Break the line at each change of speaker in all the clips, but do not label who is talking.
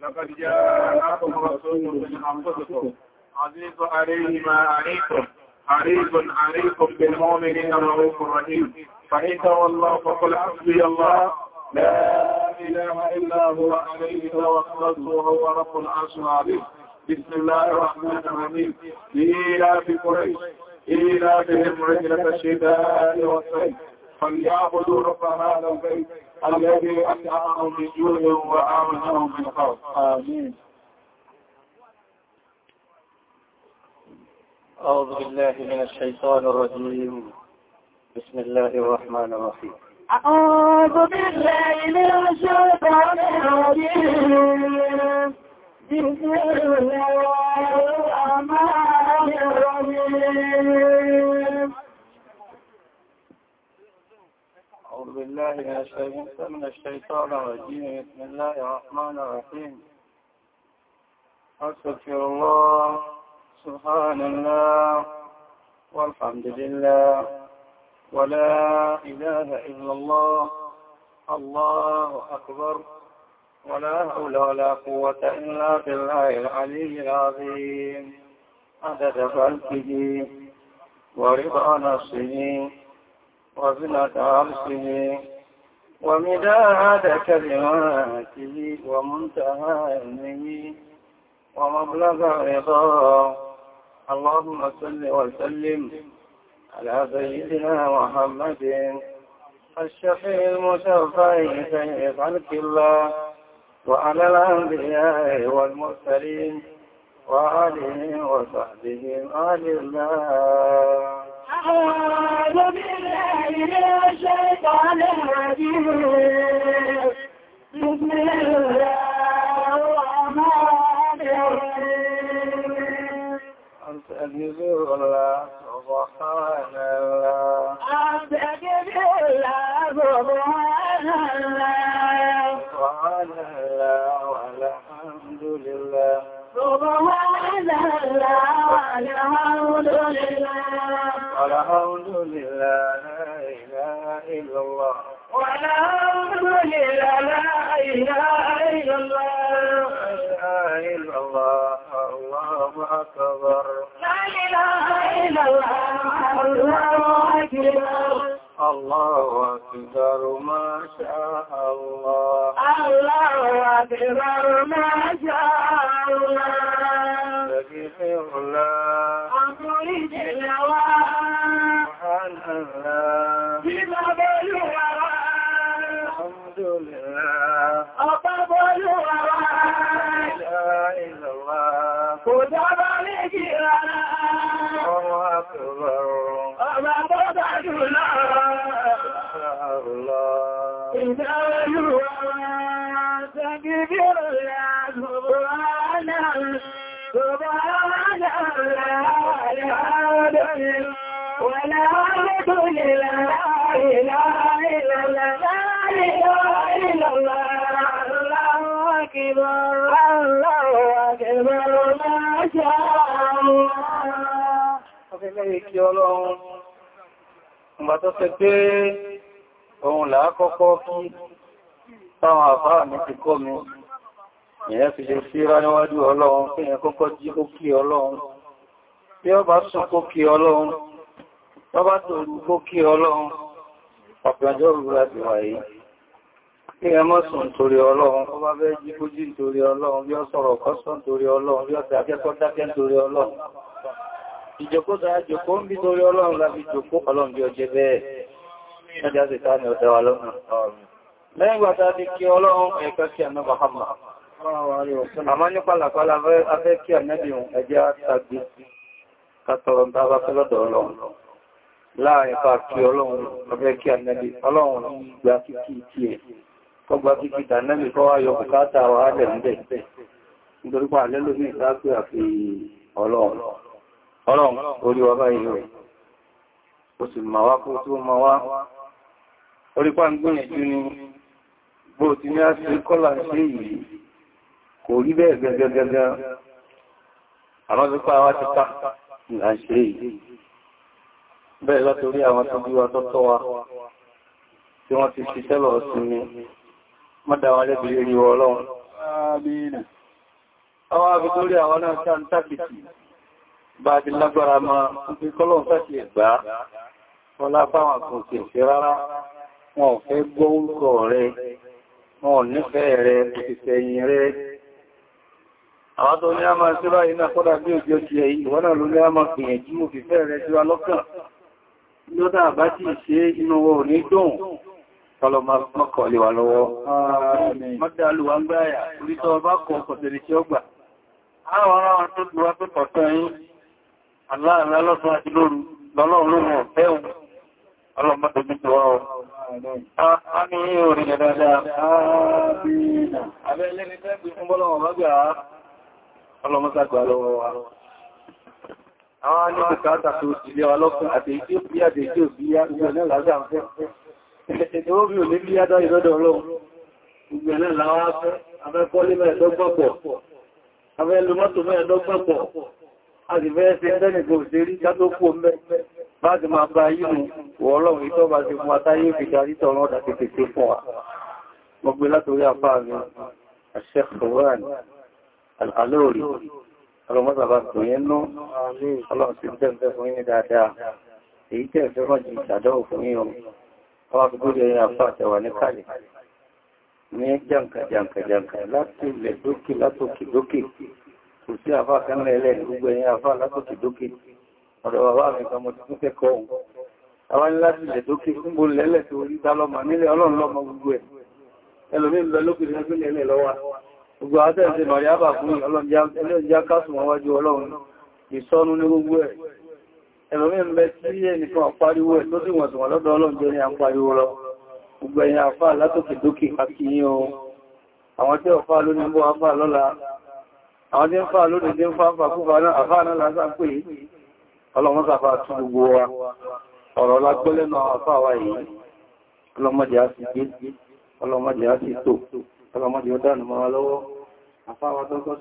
لقد جاءكم رسول من أنفسكم عزيز عليه ما عليكم حريص حريص بالمؤمنين رؤوف رحيم فإن تولوا فقل حسبي الله
لا
إله إلا هو عليه توكلت وهو رب العرش العظيم بسم الله الرحمن الرحيم إلى في قريش إلى إيلافهم رحلة الشتاء والصيف فليعبدوا رب هذا البيت الذي أتعمهم من جوع وآمنهم آمين أعوذ بالله من الشيطان الرجيم بسم الله الرحمن الرحيم أعوذ بالله من الشيطان الرجيم بسم الله الرحمن الرحيم أعوذ بالله من الشيطان الرجيم بسم الله الرحمن الرحيم أستغفر الله سبحان الله والحمد لله ولا إله إلا الله الله أكبر ولا حول ولا قوة إلا بالله العلي العظيم عدد خلقه ورضا نفسه وزنة عرشه
ومداد كلماته
ومنتهى علمه ومبلغ رضاه اللهم صل وسلم
على سيدنا محمد
الشفيع المشفع سيد خلق الله وعلى الأنبياء والمرسلين وعليهم وصحبه آل الله أعوذ بالله من الشيطان الرجيم بسم الله أستجيب الله سبحان الله أستجيب الله سبحان الله سبحان الله والحمد لله سبحان الله والحمد لله والحمد لله لا إله إلا الله والحمد لله لا إله إلا الله لا إله إلا الله أكبر لا إله إلا الله الله أكبر الله أكبر ما شاء الله الله أكبر ما شاء الله تكبر الله الله أكبر الله أكبر ìkí ọlọ́run ìgbà tó ṣe pé òun làá kọ́kọ́ kí táwọn àfáà mi ti kọ́ mi ìyẹn fi ṣe sí rá níwájú ọlọ́run pé ìyẹn kọ́kọ́ jí ó kí ọlọ́run bí ó bá sùn kó kí ọlọ́run tó bá tòrú kó kí ọlọ́run ọ̀pẹ̀jọ́ òrùra ti wà yìí kí ẹ mọ́ sùn torí ọlọ́run ó bá bẹ́ jí kó ìjòkóta jòkó ń bí torí ọlọ́run láti jòkó ọlọ́run bí ọjẹ́ bẹ́ẹ̀ ọjá sì ká ní ọ̀dẹ́wà lọ́nà lẹ́yìn gbàtà ti kí ọlọ́run ẹ̀kọ́ kí àmọ́ Muhammad àmọ́ ní pàlàpàlà afẹ́ kí ànẹ́bì ẹjẹ́ àtàgbé kàtọ̀rọ̀ bá bá fẹ́lọ́dọ̀ ọlọ́run láàrin pa kí ọlọ́run afẹ́ kí ànẹ́bì ọlọ́run gbà kíkí tí ẹ̀ kọgbà kíkí wà á lẹ̀ ń bẹ̀ nítorí ọlọ́run orí wa báyìí rẹ̀ ó sì ma wá kó tó ma wá orí pàǹgbìyànjú ni bó ti ní àṣírí kọ́lá ṣe yìí kò rí bẹ́ẹ̀ gẹ́gẹ́gẹ́gẹ́ àwọn tó pàwá ti ká ìlà ṣe yìí bẹ́ẹ̀ látorí àwọn tó bí wa tọ́tọ́ wa tí wọ́n ti ṣiṣẹ́ lọ sí ni mọ́dáwà lẹ́bí lórí ọlọ́run Àwọn àbìtórí àwọn náà sáà ń bá ti lágbára máa fi kọ́lọ̀ sáti ẹ̀gbá ọlá báwọn kò sì ṣe rárá wọn ò fẹ́ gbọ́ orúkọ rẹ wọn ò nífẹ̀ẹ́ rẹ òṣìṣẹ́ yìn rẹ àwọn tó ní a máa ṣe báyìí náà kọ́dà bí òjò ti ẹ̀yí ìwọ́n náà ló ní a máa gbìyànjú òfìfẹ́ rẹ sí wa lọ́kàn lọ́dà bá ti ṣe inú wọn ò ní dùn kọlọ mọ́kọ̀ lè wà lọ́wọ́ mọ́dálùwà ń gbáyà orítọ́ ọba kọ̀ọ̀kọ̀ tẹ̀lé tí ó gbà aláàrẹ lọ́sùn àti lóru lọ́lọ́run ló mọ̀ ẹ̀hùn ọlọ́mọ tóbi tó wọ́n àmì orí rẹ̀ dáadáa abẹ́ lẹ́ni tẹ́gbì fún bọ́lọ́wọ̀n mọ́gbà ọlọ́mọ sàgbà lọ́wọ́ wa àwọn ní bùkátà tó ilé wa lọ́kùn àti ìdí òbí àti ìdí òbí ìgbẹ̀ náà lágbà ń fẹ́ ìdíwó bí ò ní bí yádá ìrọ́dọ̀ ọlọ́run ìgbẹ̀ náà láwá fẹ́ abẹ́kọ́lé mẹ́ẹ̀dọ́gbọ̀pọ̀ abẹ́lùmọ́tò mẹ́ẹ̀dọ́gbọ̀pọ̀ àdìbẹ́ẹ́sẹ̀ ẹ̀dẹ́nìgbò òṣèrí já tó kú ọmọ bá ti máa bá yínú wọ́ọ́lọ́run ìtọ́bà ti fún àtàyé ìfìdarí tọ̀rọ ọ̀dà tètè fún wa mọ́gbé látorí àfáà mi Sheikh Quran Al-Alori
ọlọ́mọ́sàbà tó yẹn nú
ọlọ́run sí tẹ́ẹ̀fẹ́ fún yín dáadáa èyí tẹ́ẹ̀fẹ́ wọ́n jù ìṣàdọ́wò fún yín ọmọ àwọn akúgbórí ẹ̀yìn àfáà tẹwà ní kálẹ̀ ní jàǹkà jàǹkà jàǹkà láti ilẹ̀ dókè látòkè dókè kò sí àfá kanlẹ̀ ilẹ̀ gbogbo ẹ̀yìn àfá látòkè dókè ọ̀dọ̀ bàbá mi kan mo ti tún kẹ́kọ̀ọ́ ohun
àwọn ilẹ̀ láti ilẹ̀
dókè fún bó lẹ́lẹ̀ tó rí dálọ́mà nílẹ̀ ọlọ́run lọ́mọ gbogbo ẹ̀ ẹlòmí ń bẹ lókè lẹ́gbẹ̀lẹ̀ lọ́wà gbogbo àtẹ́ẹ̀sẹ̀ mọ̀ríábà fún ọlọ́njá kásùn wájú ọlọ́run ìsọ́nú ní gbogbo ẹ̀ ẹlòmí ń bẹ tí ẹnìkan àpariwo ẹ̀ tó sì wọ̀n tí wọ́n lọ́dọ̀ ọlọ́run jẹ́ ní àpariwo lọ gbogbo ẹ̀yìn àfá àwọn tí ọ̀fá ló ní bó afá lọ́la àwọn tí ń fà lórí tí ń fà ń náà àfà náà lásán pé ọlọ́run sàfà gbogbo wa ọ̀rọ̀ lágbọ́lẹ́nà àfà wa yìí ọlọ́mọdé á sì gbé ọlọ́mọdé á sì tó ọlọ́mọdé ó dánù mọ́ lọ́wọ́ àfà wa tọ́kọ́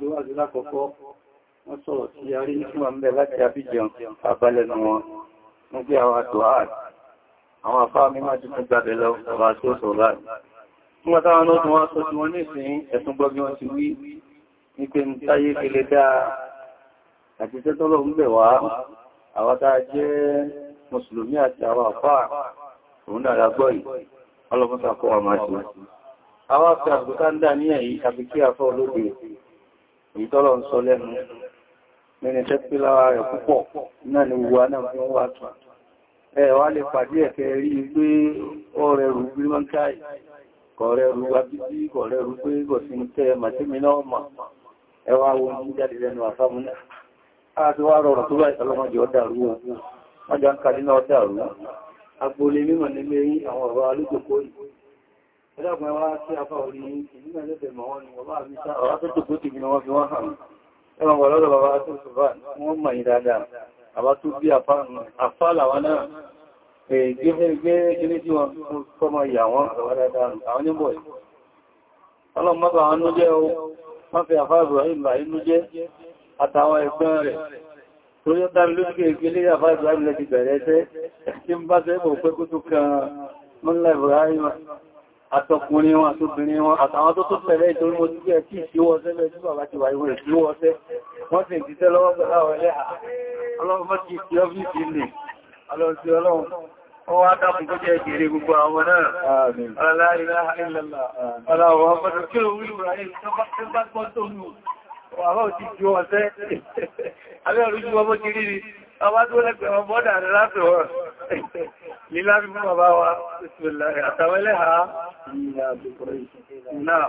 sí wípé ń táyé kele dáa àti tẹ́tọ́lọ̀ ń bẹ̀ wá àwọ́ta jẹ́ mùsùlùmí àti àwọn àfáà òun dára gbọ́ yìí ọlọ́pọ́ta kọ́ wà máa ṣe àwọn àfẹ́ àgbùká ń dà ní ẹ̀yí àbí kí àfọ́ olóde èyí tọ́lọ̀ ń sọ lẹ́nu mẹ́ni tẹ́pílára rẹ̀ púpọ̀ náà ni wùwà náà fi ń wà tún ẹ wá lè pàdé ẹ̀kẹ́ rí pé ọ̀rẹ́ rú bí wọ́n káì kọ̀ọ̀rẹ́ rú wá bí kọ̀ọ̀rẹ́ rú pé gọ̀sìn tẹ́ màtími náà mọ̀ ẹwà wọn ní jáde lẹ́nu àfámúná àti wá rọrùn tó báyìí ọlọ́mọdé ọdá rú wọn wọ́n jọ ń kàrí náà ọdá rú agbóolé mímọ̀ ní mérí àwọn ọ̀rọ̀ alójòkó yìí ẹ̀dàgbọ́n wá sí afá orí ìlú ẹ̀lẹ́bẹ̀ mọ̀ wọn ni bàbá mi sá ọ̀rá tó tòkó tìbí ni wọ́n fi wọ́n hàn ẹ̀rọ wọ̀ lọ́dọ̀ bàbá tó sùfà wọ́n mọ̀ yìí dáadáa àbá tó bí wọ́n fi àfáàbù àìlà inú jẹ́ àtàwọn ẹ̀gbọ́n rẹ̀ tó yọ́ dá lókè ìpínlẹ̀ àfáàbù àìlà ti bẹ̀rẹ̀ ẹsẹ́ tí ń bá sẹ́bù pé kó tó kan mọ́lá ìbòráyìnwá àtọkùnrin wọn àtọkùnrin wọn àtàwọn tó tó tẹ̀lé ìtorí mo dúgbẹ́ tí ìṣíwọ́ sẹ́lẹ̀ tí bàbá ti wà ìwé ìṣíwọ́ sẹ́ wọ́n sì ti tẹ́ lọ́wọ́ pẹ̀lá ọ̀lẹ́ ọlọ́run mọ́ ti fi ọ́fíìsì nì ọlọ́run ti Ọwọ́ adákùn tó jẹ́ ìjèrè gbogbo àwọn náà. Ọlá ìlàhà ìlàlá. Ọlá ọwọ́ ọgbọ́dọ̀ kí o wúlù rà ní ìjọba tí ó bá gbọ́ tó mú. Ọwọ́ òjì ju ọ̀sẹ́.
Alẹ́ òrùjú ọmọ ti
rí rí. Ọwọ́ tó lẹ́gbẹ̀ẹ́ ọmọ bọ́dà rẹ̀ láti ọ̀rọ̀. Lílá bí fún bàbá wa, àtàwẹ́lẹ́ ha. Náà,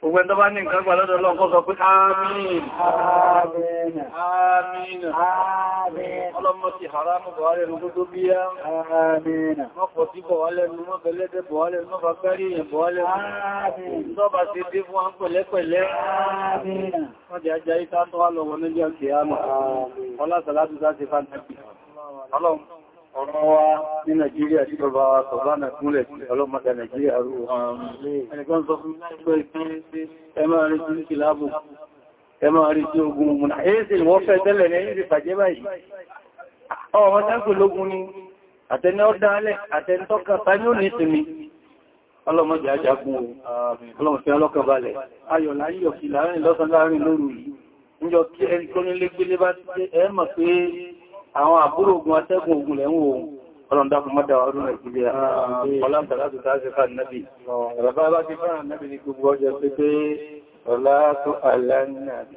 Gbogbo ẹ̀tọ́ bá ní nǹkan gbà lọ́dọ̀ Ọlọ́run kó sọ pé àmín. Àmín. Àmín. Àmín. Ọlọ́mọ ti haramu bọ̀ wálẹ̀ ní gbogbo bí yá. Àmín. Mọ́pọ̀ sí bọ̀ wálẹ̀ ní mọ́ bẹ̀lẹ́dẹ̀ bọ̀ wálẹ̀ ní mọ́fà kárí èèyàn bọ̀ wálẹ̀ ní. Àmín. Sọ́bà ti dé fún wọn pẹ̀lẹ́pẹ̀lẹ́. Àmín. Wọ́n jẹ́ ajá ìta tó wá lọ wọn ọ̀rọ̀ wa ní Nàìjíríà tí bàbá Sọ̀bánà kúnlẹ̀ sí ọlọ́mọdà Nàìjíríà rú ẹnìkan sọ fún láìpẹ́ ìpínlẹ̀ ẹ máa rí tí kìláàbù ẹ máa rí tí ogun múnà èéṣì wọ́n fẹ́ tẹ́lẹ̀ ní ìrìn bàjẹ́ báyìí ọmọ tẹ́kù lógún ni àtẹni ọdá alẹ́ àtẹni tọ́ka tani ó ní ìsinmi ọlọ́mọdé ajagun ọlọ́mọdé ọlọ́kàbalẹ̀ ayọ̀ láyọ̀ kìláàrin lọ́sàn láàrin lóru yìí níjọ kí ẹni tó nílé gbélé bá ti ẹ mọ̀ pé àwọn àbúrò ogun atẹ́kùn ogun lẹ́wọ̀n ohun ọlọ́run dákun mọ́dá ọdún nàìjíríà ọlọ́run tàbí tàbí fà nàbì bàbá bá ti fà nàbì ní gbogbo ọjọ́ pé pé ọlátó alánàbì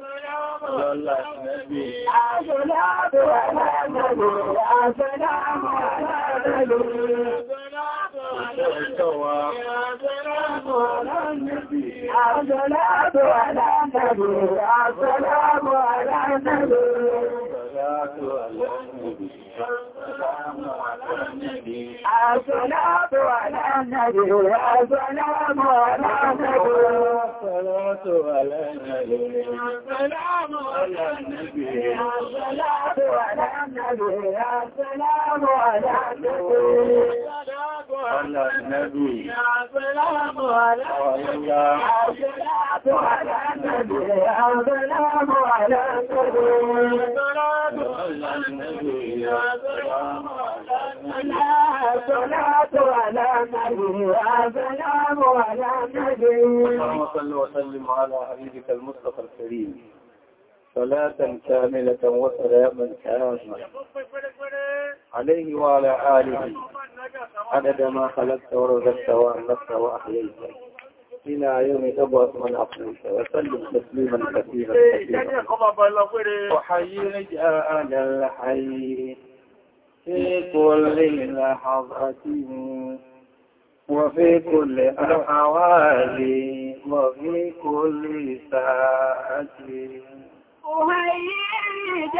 lọ́lá ìrẹ́bí. Àṣọ́láàbò aláàbò, àṣọ́láàbò aláàbò, àṣọ́láàbò
aláàbò,
àṣọ́láàbò aláàbò, àṣọ́láàbò aláàbò. صلاة على النبي وسلام على النبي صلاة على النبي سلام على النبي صلاة على النبي سلام على النبي على النبي سلام على النبي صلاة على النبي سلام على النبي صلاة على
النبي
سلام على النبي الصلاة على النبي والسلام على النبي اللهم صل وسلم على حبيبك المصطفى الكريم صلاة كاملة وسلاما كاما عليه وعلى آله عدد ما خلقت ورزقت وأملكت وأحييت إلى يوم تبعث من أقلك وسلم تسليما كثيرا كثيرا إيه، وحيي رجاء الحي في كل لحظة وفي كل الأحوال وفي كل ساعة أهيج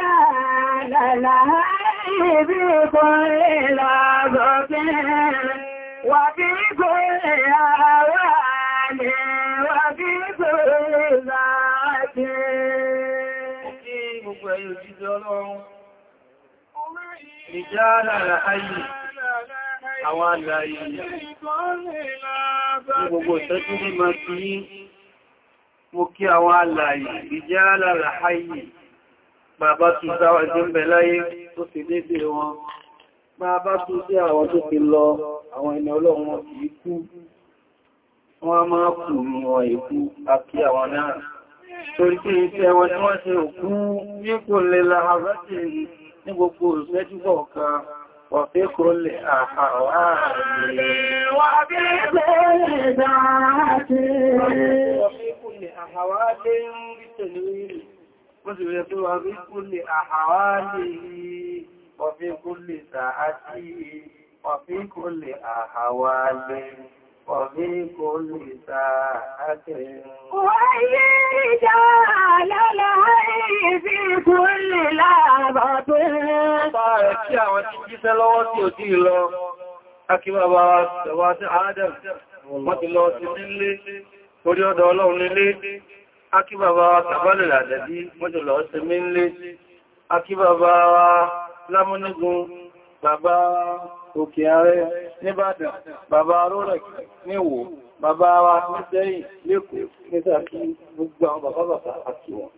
لها بكل لحظة وفي كل أحوال وفي كل ساعة Gbogbo ẹ̀yọ̀ jíjẹ ọlọ́run Ìjára àlàáyì, àwọn àlàáyì, ní gbogbo ìtẹ́jú ní máa kí yí, mo kí àwọn àlàáyì, ìjára àlàáyì, bàbá tó dáwà jẹ́ ń bẹ láyé tó ti dédé wọn, bàbá tó sí àwọn tó ti lọ àwọn ẹni ọlọ́run wọn kìí kú, wọ́n a máa kù ní wọn èkú, a kí àwọn náà, torí kí iṣẹ́ wọn tí wọ́n ṣe òkú ní kò lè láhàbátì ní gbogbo ìsúnjẹ́jú kọ̀ọ̀kan wà fẹ́ kúrò lè àhàwà rẹ̀ wà fẹ́ bẹ̀rẹ̀ dáadé wà fẹ́ kúrò lè àhàwà lè ń rí tẹ̀lé wọ́n sì وفي كل ساعة وهي رجال لهي في كل لحظة Bára kí àwọn tí jíṣẹ́ lọ́wọ́ tí ò tí lọ, akíwà Adam, wọ́n ti lọ sí nílé, orí ọ̀dọ̀ ọlọ́run nílé, akíwà tàbálẹ̀ àdàdí, wọ́n ti mí nílé, akíwà lámúnígun, bàbá òkè ààrẹ níbàdàn bàbá rọ́rẹ̀ níwò bàbá wa nítẹ́yìn lẹ́kọ̀ọ́ nítàkí gbogbo àwọn bàbá bàbá àti wọn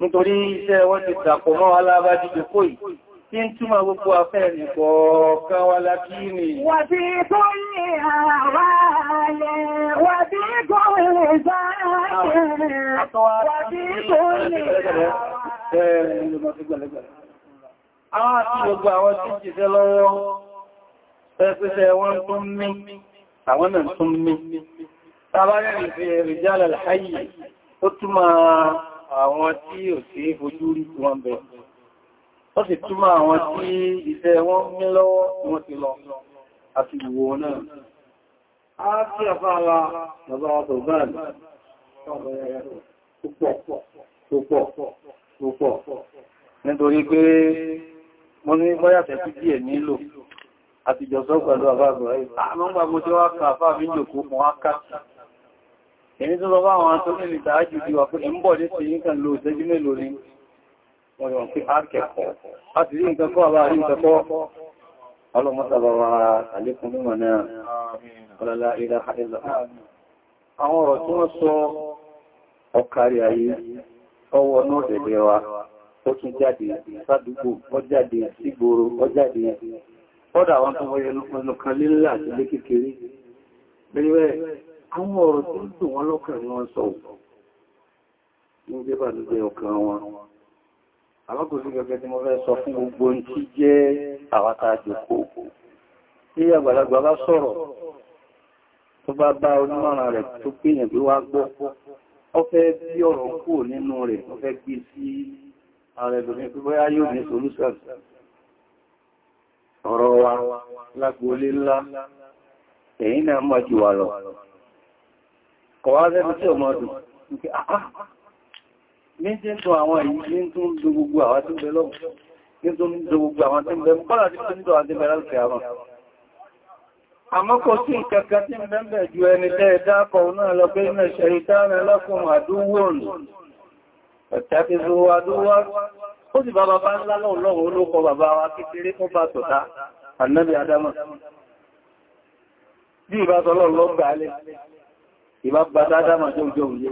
nítorí iṣẹ́ wọ́n ti dàpọ̀ mọ́ alábájíjẹ kó yìí
tí ń túnmà gbogbo afẹ́ ìrìnkọ̀ kan wá lákí ni àti gbogbo àwọn tí jìṣẹ́ lọ́wọ́ pẹ́pẹ́sẹ́ wọ́n tún mí àwọn náà tún mí tàbárẹ̀ ìfẹ́ rijal al ó túnmà àwọn tí ò sí fojú rí wọn bẹ̀ ó sì túnmà àwọn tí iṣẹ́ wọn mí lọ́wọ́ wọn ti lọ àti ìwò náà nítorí pé mo ní bọ́yàtẹ̀ sí díẹ̀ nílò àti jọsọ́ pẹ̀lú àbáàbọ̀ ẹ̀ àmọ́ gbogbo tí wọ́n kà fáà bí jòkó mọ́ á ká èmi tó lọ bá àwọn tó ní ìta ájù díwà pé ń bọ̀ nípa yí kan ló ìṣẹ́jú mélòó ni wọ́n yọ̀ pé ákẹ́kọ̀ọ́ láti rí nǹkan kọ́ àbá rí nǹkan kọ́ ọlọ́mọ́sàbàwà àlékún mímọ̀ náà ọlọ́lá ilẹ̀ àìlọ́ àwọn ọ̀rọ̀ tí wọ́n sọ ọkàrí ayé ọwọ́ náà ó tún jáde sádúgbò ó jáde sígboro ó jáde ọ́dà wọn tó wọ́n ẹnu kan lílà àti lé kékeré bẹ́rẹ̀ àwọn ọ̀rọ̀ tó ń dùn wọn lọ́kàn ni wọ́n sọ ní jẹ́ bà lóde ọkàn wọn alákòóso gẹ́gẹ́ tí mo fẹ́ sọ fún gbogbo ń tí jẹ́ àwátá àjòkó tí àgbàlagbà bá sọ̀rọ̀ tó bá bá onímọ̀ràn rẹ̀ tó pèèyàn bí wá gbọ́ ọ fẹ́ bí ọ̀rọ̀ kúrò nínú rẹ̀ ọ fẹ́ gbé sí ààrẹ lòmí pé bóyá yóò ní solúsàn ọ̀rọ̀ wa lágbólé ńlá
èyí náà mọ́ jù wà lọ
kọ̀wá lẹ́nu tí ọmọ ọdún nke àá ní tí ń tún àwọn èyí ní tún ń do gbogbo àwọn tí ń bẹ lọ́wọ́ ní tún ń do gbogbo àwọn tí ń bẹ àti bẹ̀rẹ̀ lọ́kẹ̀ àwọn àmọ́ sí ìkẹ́kẹ́ tí ń bẹ́ẹ̀ ju ẹni tẹ́ ẹ̀dá kọ̀ lọ pé ní ṣẹ̀rìtánà lọ́kùnrin àdúwò Ẹ̀tẹ́fẹ́sọ́wọ́ adúwọ́, ó sì bá bàbá ńlá lọ́wọ́ olókọ bàbá wa kékeré kó bá tọ̀ta, ànábì Adama. Bí ìbá tọ́lọ́ lọ́gbà alẹ́, ìbá bá Adama jẹ́ òjò òjò.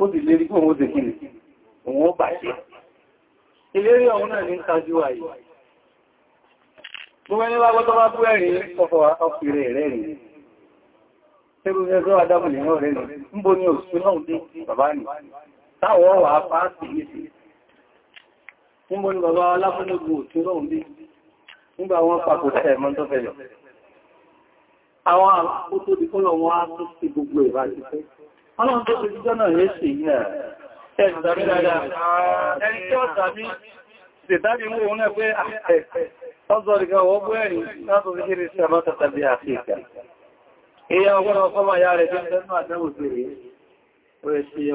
Ó sì lérí kó òun ó sì kìrì, òun ó bàṣẹ́. Ìlérí ọ̀hún náà ní ń kájú wáyé. Gbogbo ẹni bá gbọ́tọ́ bá bú ẹ̀rin ọkọ̀ ọkùnrin rẹ̀ rìn. Ṣé gbogbo ẹgbẹ́ Adamu nìyàn rẹ̀ rìn? Ń bo ni òṣìṣẹ́ náà dé bàbá nìyàn táwọn wà fásitì nìsí nígbò ní bàbá aláfẹ́lógún òtún lọ́hùn bí nígbà wọn pàkòtà ẹ̀mọ́ tó fẹ́lọ àwọn àkótó dìkọ́lọ̀ wọn á tó sí gbogbo ìbájú pé ọlọ́run tó ti jọ́nà rẹ̀ sí náà ẹ̀sùn tàbí dáadáa ẹni tí ó tàbí ṣètàbí mú òun náà pé ọzọ̀ ìgbà wọ́n bú ẹ̀rin látò sí kiri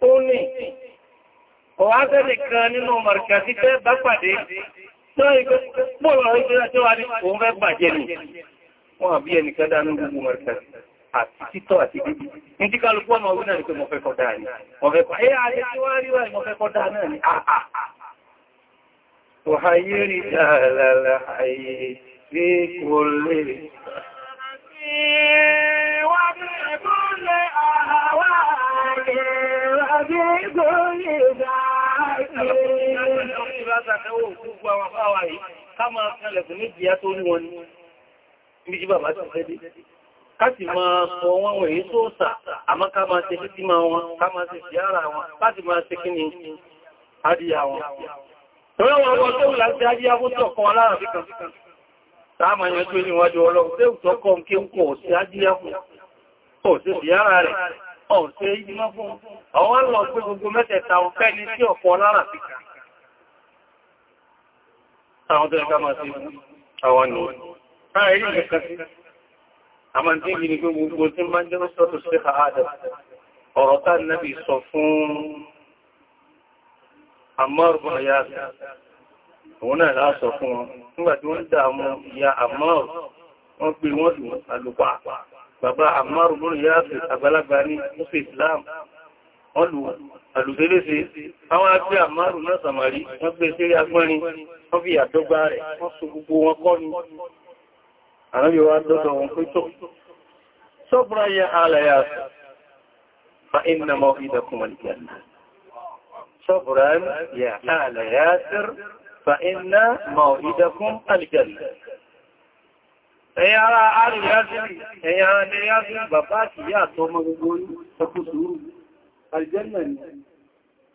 ó ní ọ̀wá tẹ́lẹ̀ kan nínú mọ̀rìkàtí tẹ́ bá pàdé náà ikọ́ pọ̀lọ̀ ni wọ́n àti bíbí. Ní tí kálùkú ọmọ orí náà ni pé mo fẹ́ kọ́dá ni. Mo fẹ́ kọ́dá ni. Mo fẹ́ kọ́dá náà ni. Òhàyírí dáadáa àyè sí kò lè. Wà ní ẹ̀kọ́ lè àwárẹ̀ bí gòrè dáadé. Káti máa sọ wọn wọ̀nyí tó sà, àmọ́ ká máa ṣe títí máa wọn, ká máa ṣe ṣìyára wọn, láti máa ṣe kí ni àdíyà wọn. Tọ́rọ wọn wọ́n tó láti àdíyà fún tọ̀kan alára fíkan. Táàmà yẹn tó níwájú ọlọ́run, tẹ́ ọ̀tẹ́ ìmọ́ fún àwọn lọ pé gbogbo mẹ́tẹ̀ẹ̀ta ọ̀fẹ́ ní tí ọ̀pọ̀ lára síkà àwọn tó ẹ̀ká máa sí àwọn nù láàrin ìgbẹ̀kan sí àmà tí ìgbì ní gbogbo tí máa jẹ́ sọ́tọ̀ sí àádà ọ̀rọ̀ tá nẹ́bì sọ fún àmọ́rùn ya ya àmọ́rùn wọ́n bàbá Ammar ibn Yasir àgbàlagbà ní mọ́sí Islam ọlù àlùsẹ́lẹ́sẹ́ àwọn àti Ammar náà sàmàrí wọ́n gbé sí agbọ́nrin wọ́n fi àdọ́gbà rẹ̀ wọ́n so gbogbo wọn kọ́ ni àrábí wa dọ́dọ̀ wọn pé jannah sọ́bùrá yẹ alàyà fa inna jannah ẹ̀yà ara arìnrìnàṣìrì ẹ̀yà ara bàbá àti ìyá àtọmọ gbogbo orí ẹkù sùúrù alìjẹ́nà ni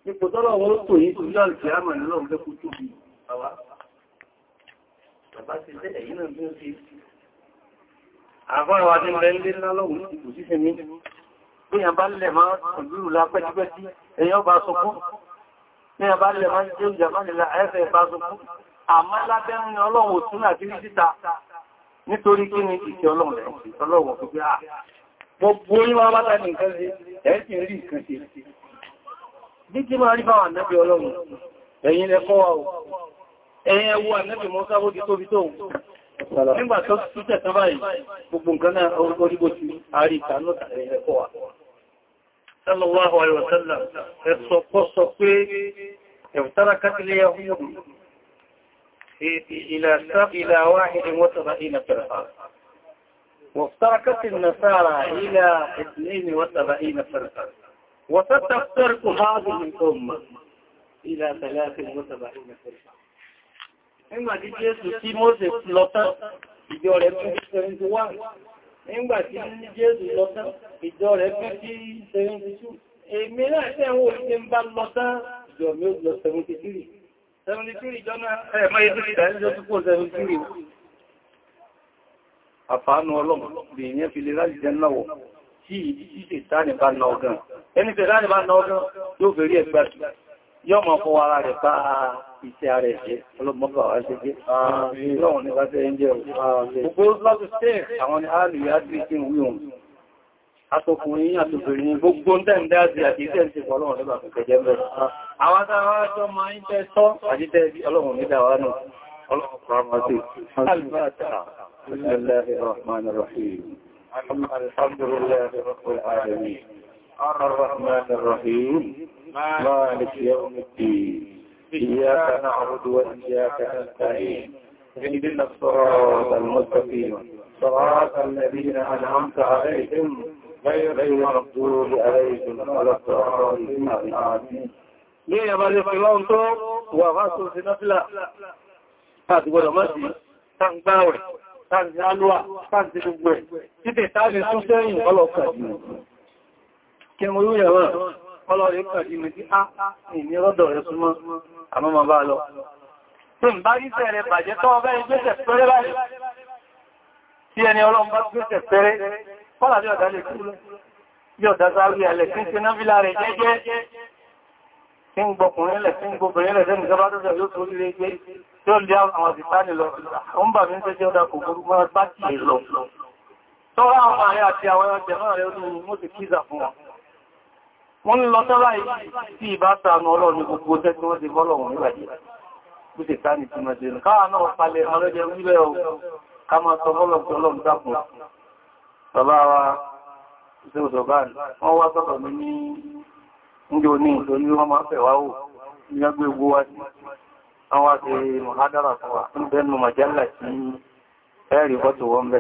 ipò tọ́lọ̀ wọ́n tó yí tó yọ́ alìjẹ́ àmà nílọ ẹkù tó bí àwá bàbá ti tẹ́lẹ̀ yínà bí ó ti àfáà wà ní mẹ́lẹ́ ń ọlọ́run òtún nítorí kí ni ìṣẹ́ ọlọ́run ọlọ́run tó gbá gbogbo oníwà bátà ní nǹkan sí ẹ̀ẹ́sì rí nǹkan sí bí kí máa rí báwọn ànábì ọlọ́run ẹ̀yin lẹ́kọ́ wa o ẹ̀yin ẹwọ ànábì mọ́ sábó ti tóbi tó nígbà tó títẹ̀ tán báyìí gbogbo nǹkan náà orígbó ti àrí ìtànú ẹ̀yin lẹ́kọ́ wa sallallahu alaihi wasallam ẹ̀sọ̀kọ́ sọ pé ẹ̀fùtára kátìlẹ́yà إلى إلى واحد وسبعين فرقة وافترقت النصارى إلى اثنين وسبعين فرقة وستفترق هذه الأمة إلى ثلاث وسبعين فرقة nígbà tí Jésù tí Mósè lọ́tán ìjọ rẹ̀ pín sí 71 nígbà tí Jésù lọ́tán ìjọ rẹ̀ pín sí 72 èmi náà tẹ́wọ́ ìdí ń bá lọ́tán ìjọ mi ó lọ 73 73 jọ́nà ẹ̀mọ́ ìdúrí ìdájọ́ tó kó 73 àfánú ọlọ́run bí ìyẹn fi lè láti jẹ́ náwọ̀ tí ìdíje tánì bá na ọgán ẹni fẹ̀ láti bá na ọgán yóò fẹ̀ rí ẹgbẹ́ yóò mọ̀ fún ara rẹ̀ bá iṣẹ́ rẹ̀ jẹ́ ọlọ́mọ́bà wá ṣe jẹ́ ọlọ́run ní bá ṣe ń jẹ́ àtọkùnrin àtòbìnrin gbogbo tẹ́ǹdẹ́ àti àtìsẹ́ ti fọ́ ọlọ́run lọ́gbà fún kẹjẹ mẹ́rin. Àwọn tàwà jọ máa ń tẹ́ sọ́ àjíjẹ́ ọlọ́run ní dáwà náà ọlọ́run pàmọ́ sí. Alhamdulillah Rabbil Alamin. Ar-Rahman Ar-Rahim. Malik Yawm Al-Din. Iyyaka na'budu wa iyyaka nasta'in. Ihdinas siratal mustaqim. صراط الذين أنعمت عليهم غير المغضوب عليكم ولا الضالين آمين ní ẹ̀yàmá lè fi lọ́n tó wà bá tó sí náfílà láti gbọ́dọ̀ mọ́sí tàǹgbà rẹ̀ tàǹtì alúwà tàǹtì gbogbo ẹ̀ títẹ̀ tàbí tún sẹ́yìn ọlọ́pàá jù kí mo yóò yẹ̀wọ̀n ọlọ́rẹ̀ pàdé mi tí á ìní bá lọ tí Kọ́lá bí ọ̀dá lè kú lọ. Bí ọ̀dá sáré ẹlẹ̀ tí ń ṣe náà fílà rẹ̀ jẹ́jẹ́. Tí ń gbọkùnrin lẹ̀ tí ń gbobìnrin lẹ̀ tẹ́nì sábá tọ́jọ́ yóò torí rẹ̀ pé tí ó lé àwọn àdìsáni lọ. Ó ń bà mí ń tẹ́jẹ́ ọ̀dá kò burú mọ́ bá kì í lọ. ìbá sànù ọlọ́run gbogbo tẹ́ tí wọ́n ti bọ́lọ̀ wọn níwàjẹ́. Bú ti ká ní ti mọ̀ sí ẹnu. Káà náà palẹ̀ ọlọ́jẹ́ wílẹ̀ ọ̀ ká máa sọ bọ́lọ̀ bàbá wa ṣẹ́gbọ̀sọ̀bán wọ́n wá sọ́tọ̀ mi ní ìjọ ní ìtorí wọ́n máa fẹ̀ wá ní agbé gbó wá sí wọ́n wá sí mọ̀hádára fún wa sí ẹ̀rì fọ́tò ní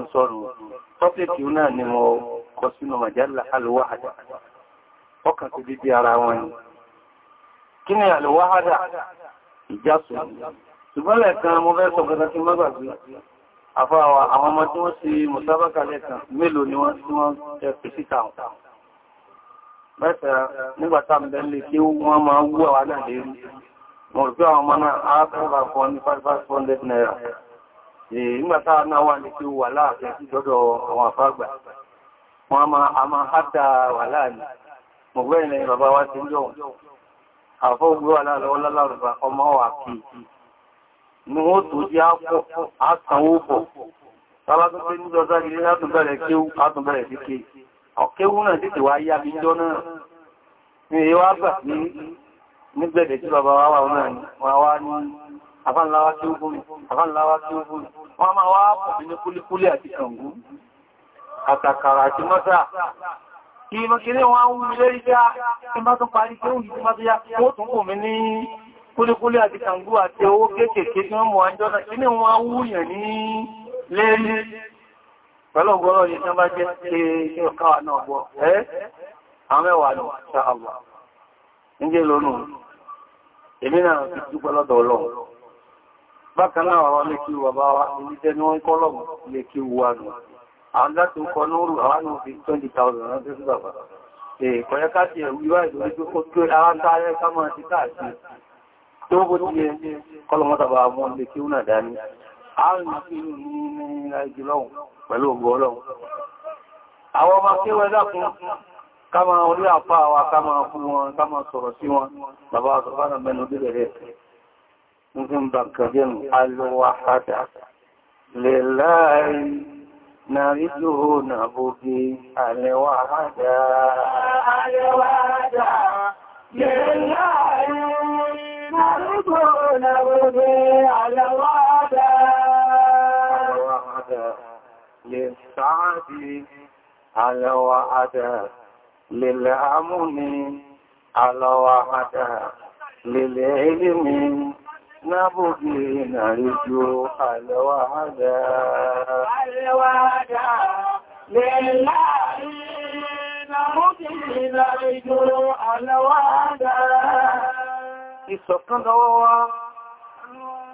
ń sọ̀rọ̀, tọ́pìkì náà ni mo kọ sínú màjálà alùwáhádà ọkàn ti dídí ara wọn ni kí ni alùwáhádà ìjásùn ṣùgbọ́n lẹ́ẹ̀kan mo fẹ́ sọ pẹ́ta tí mọ́gbàgbé àfáwà àwọn ọmọ tí wọ́n sí mùsábákà lẹ́ẹ̀kan mélòó ni wọ́n tí wọ́n tẹ́ pẹ̀ síta mẹ́ta nígbàtà mẹ́lẹ̀ kí wọ́n máa wú àwọn náà lè rí mo rò àwọn ọmọ náà á kọ́ra fún ní 500 naira ìgbàtà náà wà ní kí wà láàrin sí lọ́dọ̀ àwọn àfágbà wọ́n a máa hádà wà láàrin mọ̀gbẹ́ ilẹ̀ bàbá wá ti ń jọ àfọ́ ògbé wà láàrọ̀ lálàrùbá ọmọ wà kí ní wọ́n tó jẹ́ àtàwó pọ̀ bàbá tó pé ní ọjọ́ ilé látùbẹ̀rẹ̀ kéwú látùbẹ̀rẹ̀ sí ké ọ̀kéwú náà sì ti wá yá bí jọ náà ní èyí wá gbà sí nígbẹ̀dẹ̀ tí bàbá ó gún mi afánláwá tí ó gún mi wọ́n máa wá pọ̀ sí ní kúlíkúlí àti kàngún àtàkàrà àti mọ́sá kí mọ́kílé wọn ń wúlé iṣẹ́ tí bá tún parí tí ó yìí máa tó yá ó tún kò mí ní kúlíkúlí àti kàngú àti owó kéékèèké tí wọ́n mọ̀ àjọ́ kí ní wọ́n wúyàn ní lérí pẹ̀lú ọgbọ́rọ̀ yìí tán jẹ́ ṣe ọkàwà náà náà ti àwọn láti ń kọ lóòrù àwọn òfin 20,000 ránṣẹ́ sí bàbá ẹ̀kọ̀yẹ́ káàkiri ẹ̀rù ìwà ìdòrí pé kó tó ara ń tààrẹ sámọ́ ti káàkiri tó bó ti yẹ kọlọmọ́tàbà àwọn ilé kí ó nà dání àárín ìpínlẹ̀ ní ìrìnàjò lọ́hùn pẹ̀lú ògbò ọlọ́hun àwọn ọmọ kéwẹ́ dákun ká máa orí àpá wa ká máa fún wọn ká máa نرثه نبكي الوعدا الوعدا لله نرثه نبكي الوعدا الوعدا للسعد الوعدا للأمن الوعدا للعلم نبغي نرجو الوعدا الوعدا لله نبغي نرجو الوعدا ìṣọ̀kan lọ́wọ́ wa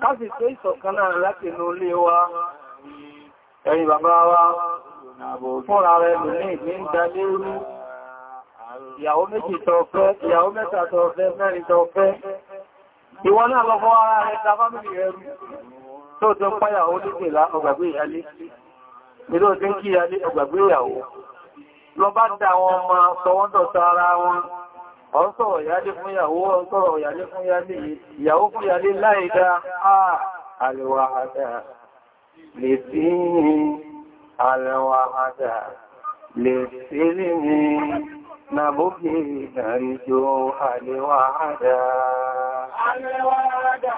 káàsì tó ìṣọ̀kan náà láti inú ilé wa
ẹ̀yin bàbá wa
fúnra rẹ̀ lò ní ìyàwó méjì tó ìyàwó mẹ́ta tó mẹ́rin tó ìwọ náà lọ fọ́ ara rẹ̀ ta fámìlì ẹrù tó tó páyà ó lókèlá ọgbàgbé ìyálé ìlú òtí ń kí ìyálé ọgbàgbé ìyàwó lọ bá dá ma ọmọ sọwọ́dọ̀ta ara wọn ọ̀sọ̀rọ̀ fún ìyàwó fún ìyàwó fún الودى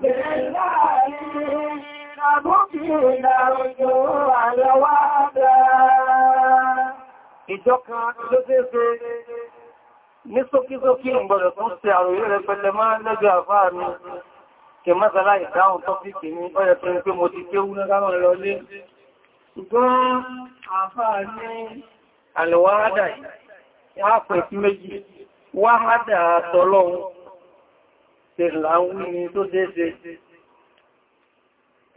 لله نبكينا رجوع الودى Ìjọka ló ṣeéṣe ní sókísókí ìgbọ̀dọ̀ tó ṣe àròyé rẹ̀ pẹ̀lẹ̀ máa lẹ́jọ́ àfáà mi, kẹ mọ́sàlá ìdáhùn tọ́pìkì ní ọ̀yẹ̀ pẹ̀lú pé mo ti kéwú náà lọ́lé. Ṣùgbọ́n àfáà ní àlọ́wárádà yìí, wọ́n á pẹ̀ sí méjì, wọ́n á hádà àtọ́lọ́run ṣe láwí ni tó déṣe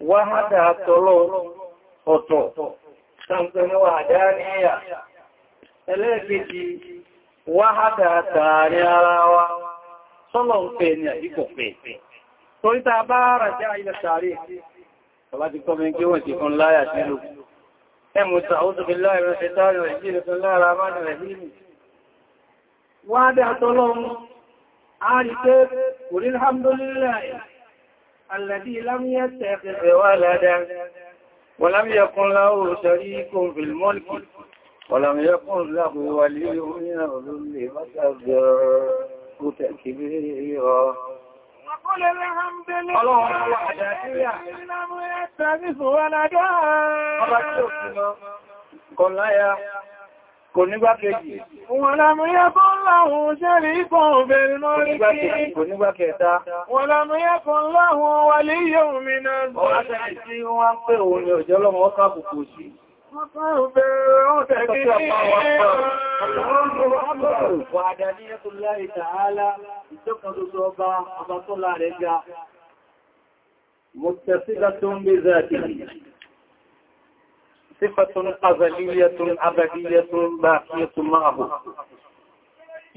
wáhádà tọ́lọ ọ̀tọ̀ ṣàǹtẹ̀ni wàhádà ní ẹ̀yà ẹlẹ́ẹ̀kejì wáhádà tààrin ara wa sọ́lọ̀ ń pè ní àdíkò pè torí ta bá ràjá ilẹ̀ sàárè ọba ti kọ́ mẹ́gbé wọ́n ti fún láyà sílò ẹmù tàútù bí láyà rẹ̀ عارفه قل الحمد لله الذي لم يتخذ ولدا ولم يكن له شريك في الملك ولم يكن له ولي من الظل فكبره تكبيرا وقل الحمد لله الذي لم يتخذ ولدا kò nígbà kejì wọn lámúyẹ́ fún láhùn jẹ́rì ikọ̀ òbèrè mọ́rí kò nígbà kẹta wọn lámúyẹ́ fún láhùn wà lè yẹ òmìnà Wàdàníyàtúláì tààlá ìjọ́kan tó sọ ọba ọba tó láàrẹ ga, mọ̀tẹ̀sílá صفة أزلية أبدية باقية معه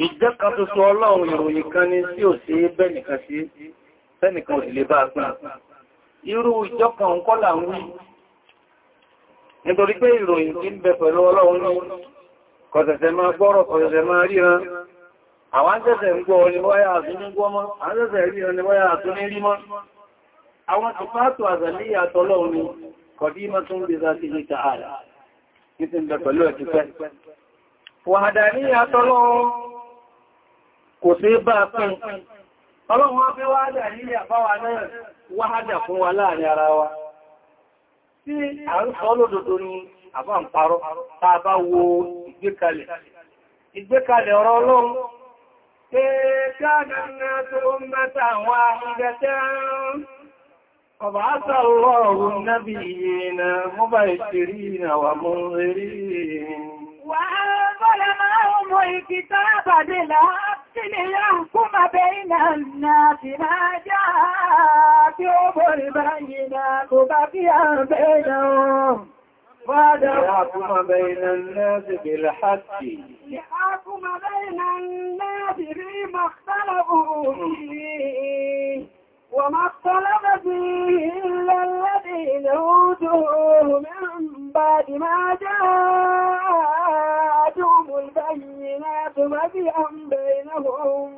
ìjẹ́kàtò sọ ọlọ́run ìròyìn kan ní sí ò sí bẹ́nìkan sí fẹ́nìkan ò lè bá pín irú ìjọkan ń kọ́ là ń wí nítorí pé ìròyìn tí ń bẹ pẹ̀lú ọlọ́run ní kọ̀tẹ̀tẹ̀ máa gbọ́rọ̀ kọ̀tẹ̀tẹ̀ máa ríran àwọn قديمة بذاته تعالى مثل بقلوة تفل وهدانية الله كثيبة Ọlọ́run wá fi wáádà nílé àbáwà náà wáádà fún wa láàrin ara wa. Tí a ń sọ lódodo ni àbá ń parọ́, ta bá wo فبعث الله النبيين مبشرين ومنذرين وأنزل معهم الكتاب بالحق ليحكم بين الناس ما جاءتهم البينات بغيا بينهم فاحكم بين الناس بالحق يحكم بين الناس فيما اختلفوا فيه وما اختلف فيه إلا الذين أوتوه من بعد ما جاءتهم البينات بغيا بينهم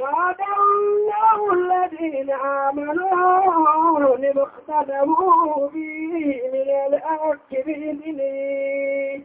وعد الله الذين آمنوا لما اختلفوا فيه من الحق بإذنه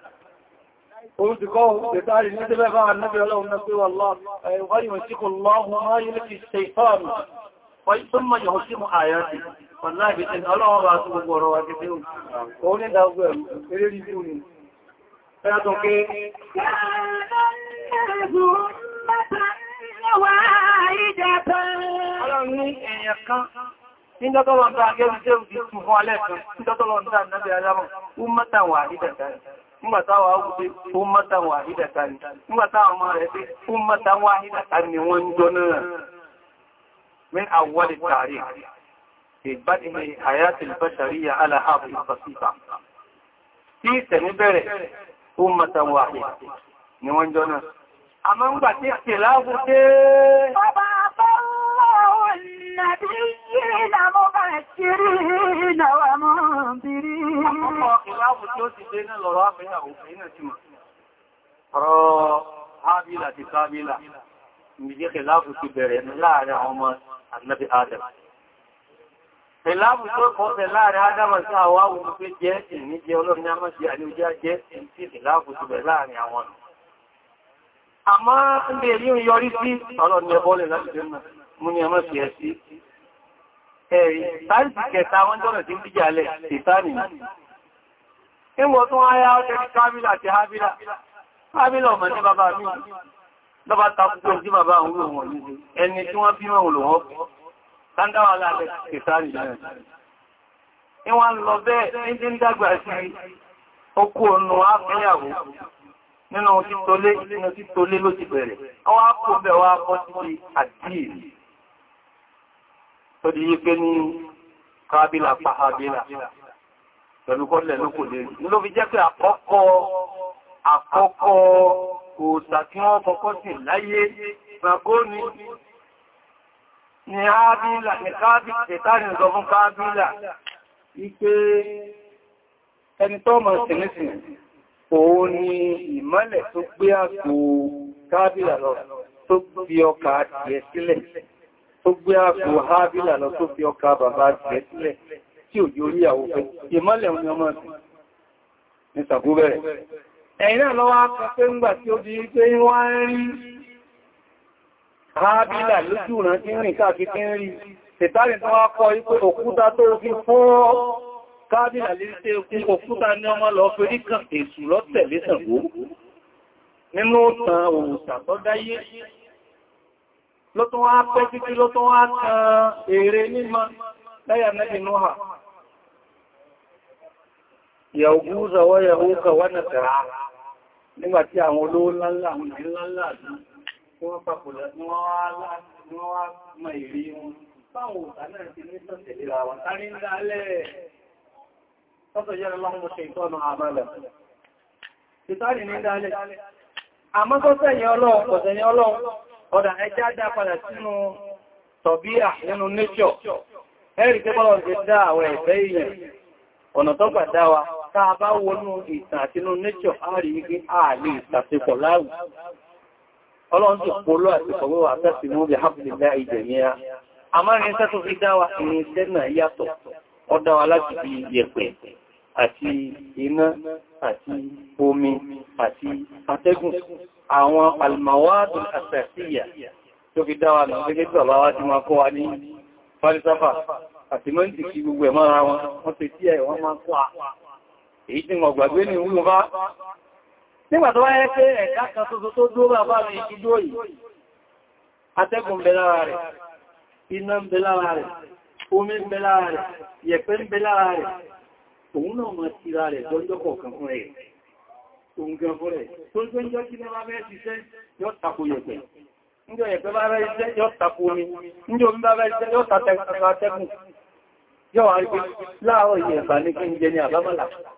ورزقه بتعالي النبي بقى النبي له النبي والله ويمسك الله ما يلقي الشيطان ثم يهزم آياته والله بإن الله رأسه بورو وكثير قولي ده أقول إلي ريزوني فيأتون كي Nígbàtọ́lọ́ndà gẹ́gẹ́ jẹ́ òjì tún fún alẹ́ kan, nígbàtọ́lọ́ndà náà bí aláwọ̀, ó mọ́ta wà ní dẹ̀dẹ̀ nígbàtàwà ọgbùgbé fún mọ́tàwà ìdàta ni nígbàtàwà ọmọ rẹ̀ pé fún mọ́tàwà ìdàta ni wọ́n jọ náà min àwọ́lẹ̀ tààrí ìgbàdì ní àyàtì ìfẹ́ṣàríyà aláhàbù ìfàṣífà tí ìtẹ̀mí bẹ̀rẹ̀ fún mọ́tàwà ni wọ́n jọ náà àmọ́ ń ìbáàbù tí ó ti dé náà lọ́rọ̀ àpẹyàwó ìrìnà ti mọ̀. ọ̀rọ̀ hábílà ti kábílà ìgbìjẹ́ kẹláàbù ti bẹ̀rẹ̀ láàrin àwọn ọmọ àdínábí adam kẹláàbù tó kọ́ọ̀tẹ̀ láàrin adam sí àwọn awùn pé jẹ́ ìní jẹ́ ọlọ́rin náà sí àníwújá jẹ́ ìtí kẹláàbù ti bẹ̀rẹ̀ láàrin àwọn àmọ́ ilé rí ń yọrí Ìwọ̀ tún ayá ọjọ́ ní Kábílà àti Hábílà. Hábílà ọmọ ní bàbá mi. Lọ́bá takúkú sí bàbá àwọn olóòwò ní ẹni tí wọ́n bí mọ̀ olóòwò. Tándáwà láàrẹ kìtàrí náà. Ìwọ̀n lọ bẹ́ẹ̀ ní dàgbà sí okú ọ̀nà àfẹ́yàwó nínú títólé nínú títólé ló ti bẹ̀rẹ̀. Ọwá kò bẹ̀ wá bọ́ sí àdíìrì. Tó di yí pé ní Kábílà pa Hábílà pẹ̀lú kọ́lẹ̀ ló kò lè rí ló fi jẹ́ pé àkọ́kọ́ àkọ́kọ́ òòsà tí wọ́n kọ́kọ́ sí láyé gbàgbóní ni ábílà ní káàbí sọ fún káàbílà wípé ẹni tó mọ̀ sínúsìn òun ni ìmọ́lẹ̀ tó gbé àpò káàbílà lọ tó fi ọkà tí ò yóò rí àwọn pé ìmọ́lẹ̀ òní ọmọ ẹ̀sìn ní sàkúbẹ̀rẹ̀. ẹ̀yìn náà lọ́wọ́ pẹ́ ń gbà tí ó di pé wọ́n rí rábílà lójú rán tí rìn káàkiri rí tẹ̀tàrí tó wá kọ́ ipé òkúta tó fi fọ́ káàbílà lè ṣe òkúta ní ọmọ lọ pé ríkan èṣù lọ́tẹ̀lé sàgbó nínú tan òòsà tó pẹ́ títí ló kan èrè mímọ́ lẹ́yà nẹ́bìnúhà yàúgúúza wọ́n yàúkà wọ́n nà tẹ̀rà nígbàtí àwọn olówó ńláńlá àwọn ìlànlá àti wọ́n papòlẹ̀ ní wọ́n wá ma ìrí wọn báwọn òtà náà ti ní sọ́tẹ̀lera wọn tàrí ń dálẹ̀ tọ́tọ̀ yẹ́rẹ lọ́mọ ṣe ìtọ́nà àmàlẹ̀ ìtàrí ní dálẹ̀ àmọ́sọ́sẹ̀ yẹn ọlọ́run pọ̀sẹ̀ tá a bá wọnú ìtàn àti inú nature a rí wípé a lè ìtàṣepọ̀ láwù ọlọ́run ti polo àti pọ̀wọ́ àtàṣì mú bí hápùlẹ̀ ìjẹ̀míra a máa rí iṣẹ́ tó fi dáwà irinṣẹ́ náà yàtọ̀ ó dáwà láti fi yẹ̀pẹ̀ àti iná àti omi àti atẹ́gùn àwọn almawadu asasiya tó fi dáwà náà gẹ́gẹ́ bí bàbá wa ti máa kọ́ wa ní falisafa àti mọ́ǹtì èyí tí wọ́n gbàgbé ní ìwúmọ̀ bá nígbà tó wáyé pé ẹ̀ká kan tó tó dúró bàbá mi ìdúró yìí atẹ́gùn bẹ lára rẹ̀ iná ń bẹ lára rẹ̀ omi ń bẹ lára rẹ̀ yẹ̀pẹ̀ ń bẹ lára rẹ̀ òun náà máa ti ra rẹ̀ lọ́jọ́ kọ̀ọ̀kan fún rẹ̀ òun gan fún rẹ̀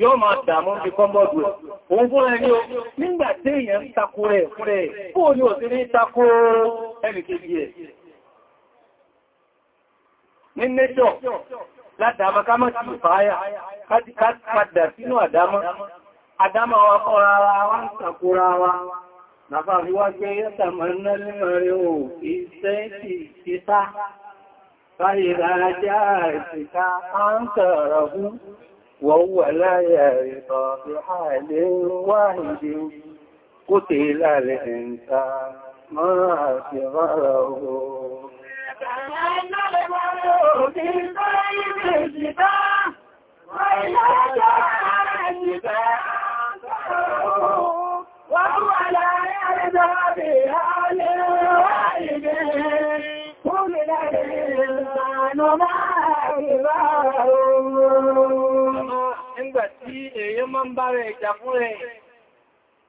yóò máa dàmú bí kọ́mbọ̀dù ẹ̀. Òun fún ẹni o, nígbà tí èèyàn ń takò rẹ̀ fún rẹ̀, fóò ní òsì ní takò ẹnìkejì ẹ̀. Ní nẹ́jọ́, ládàmà ká mọ́ sí ìfàáyà, kádà sínú àdámà. Àdámà wa kọ́ rárá wá ń takò rárá. Nàfà fi wá gbé وهو لا يرضى بحال واحد قتل الإنسان ما صغره وهو لا يرضى بحال واحد قتل الإنسان ما صغره máa ń bá rẹ̀ ìjà fún rẹ̀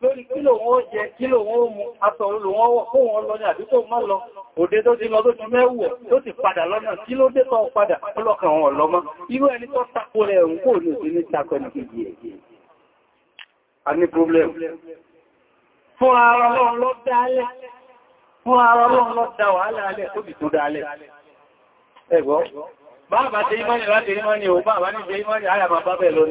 lórí kílò wọn jẹ kílò wọn mú asọ̀rọ̀ lò wọ́n wọ́ fún wọn lọ ní àdúgbò má lọ òde tó ti lọ tó tún mẹ́wọ̀ tó ti padà lọ́nà kí ló dé tọ́ padà ọlọ́kàn wọn lọ́mọ́ irú ẹni tó tako rẹ̀ ń kò ní òsì ní tako ní a ní problem fún ara ọlọ́run lọ dálẹ̀ fún ara ọlọ́run lọ dá wàhálà alẹ́ tó bì tó dálẹ̀ ẹgbọ́ bá àbá tẹ imọ́ni láti imọ́ni ò bá àbá ní tẹ imọ́ni àyàmà bábẹ̀ lọ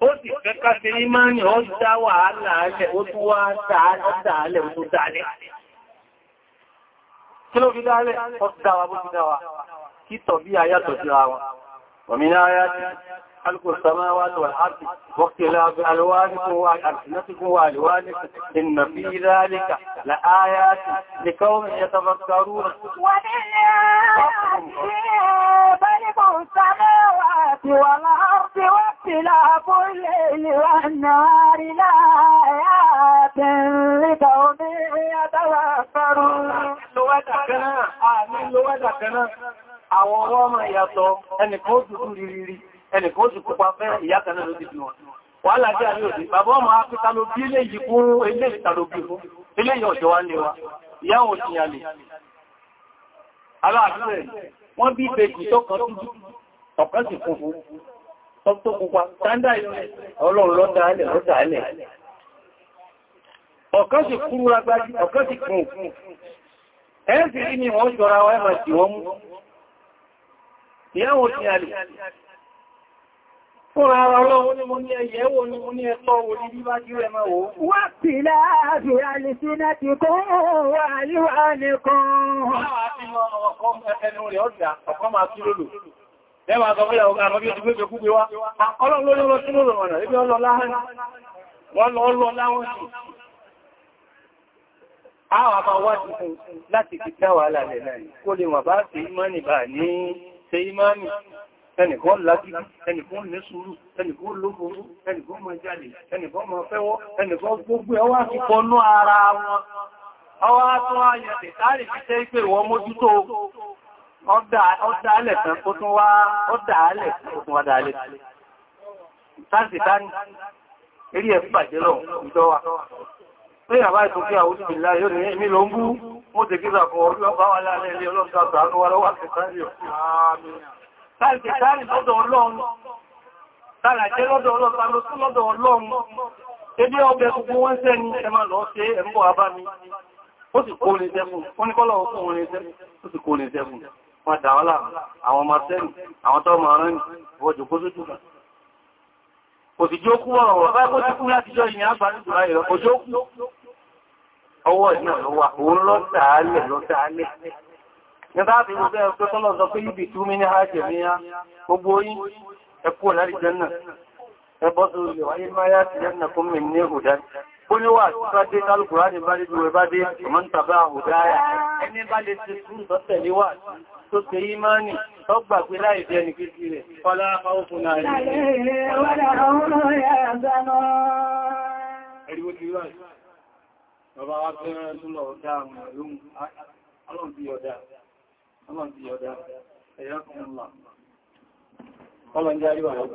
ó sì kẹ́kà sí ní máa ní ọ́n dá wàhálà alẹ́ ó tún wá dáálẹ̀ ó tún dáálẹ̀. kí ló fi dáálẹ̀ ó dáwà bó ti dáwà kí tọ̀ bí ayátọ̀ sí ara
wọn ayátọ̀
خلق السماوات والأرض واختلاف ألوانكم وألسنتكم وألوانكم إن في ذلك لآيات لقوم يتفكرون ولله ملك السماوات والأرض واختلاف الليل والنهار لآيات لقوم يتفكرون àwọn ọmọ ìyàtọ̀ ẹnìkan ó dúdú rírí ẹnìkan ó sì kópa fẹ́ ìyá kan náà ló ti fi wọn wàhálà jẹ́ àrí òdí bàbá ọmọ apíta ló bí ilé yìí fún ilé ìta ló bí fún ilé yìí ọ̀jọ́ wá ní wa ìyá wọn ti yàlè aláàdúrẹ̀ wọ́n bí ìbejì tó kan tún ọ̀kan sì funfun tó pupa sáńdà ọlọ́run lọ́dàálẹ̀ lọ́dàálẹ̀ ọ̀kan sì kúrú lágbájí ọ̀kan sì kún ẹ̀ẹ́sì rí ni wọ́n jọra wọ́n ẹ̀mà sí wọ́n mú ìyá wọn ti fún ara ọlọ́run ní mo ní ẹyẹ wo ní mo ní ẹ̀tọ́ wo ní bí bá jí rẹ̀ máa wò. Wà pì láàbì alìsínà ti kó wà níwà nìkan. Láwàá tí mọ́ ọkọ̀ ẹnu rẹ̀ ọ̀dà, ọkọ̀ máa tú lòlò. Lẹ́wàá sọ fẹ́lẹ̀ ọgbà àrọ́bí ti gbé gbé wá. Ọlọ́run máa wá ẹnìkan lágídí ẹnìkan ní sùúrù ẹnìkan lóbòrú ẹnìkan máa jáde ẹnìkan máa fẹ́wọ́ ẹnìkan gbogbo ẹ wá ti pọnú ara wọn ọwá tó ayẹ̀ tẹ̀tàrí fi tẹ́ ìpé wọn mójútó ọdáálẹ̀ tán kó tún wá ọdáálẹ̀ kó tún wá dáálẹ̀ tàbí tán eré ẹ̀fún bàjẹ́ lọ ìjọwà pé àbá ìtòkí àwúsùmìlá yóò ní èmi ló ń bú mọ́ Táàkì táàrí lọ́dọ̀ ọlọ́run, táàrà jẹ́ lọ́dọ̀ ọlọ́run, táàrà lọ́sí lọ́dọ̀ ọlọ́run, ebí ọbẹ̀ gbogbo wọ́n sẹ́ ní ẹmà lọ ṣe ẹ̀mbọ̀ àbá mi. Ó sì kó ní sẹ́fún, ó ní kọ́lọ̀ ọkùn orin sẹ́fún, ó sì kó ní sẹ́fún. Wọ́n dà ọ́lá, àwọn ọmọ sẹ́nu, àwọn tọ́ ọmọ rẹ̀ ní, wọ́n jù kó sójú kan. Kò sì jí ó Nígbàtí mo bẹ́ ọ̀pẹ́ tọ́lọ̀ sọ pé ibi tú mi ní ààjẹ̀ ní á, gbogbo yí, ẹkù láti jẹ́nà, ẹbọ́ tó lè wáyé máyá ti jẹ́nà kún mi ní ìhùdá. Ó ní wà tí bá dé tálùkùrá ní bá dédú rẹ bá dé, ọmọ ń tàbá Ẹni bá lè ti fún ìtọ́tẹ̀ níwà tó ṣe yí máa nì, tó gbàgbé láì jẹ́ ní kìí rẹ̀, kọlá ọlọ́run ti yọ̀dá ẹ̀yà kọmọ̀ lọ. ọlọ́run jẹ́ fẹ́ rẹ́jọ márùn-ún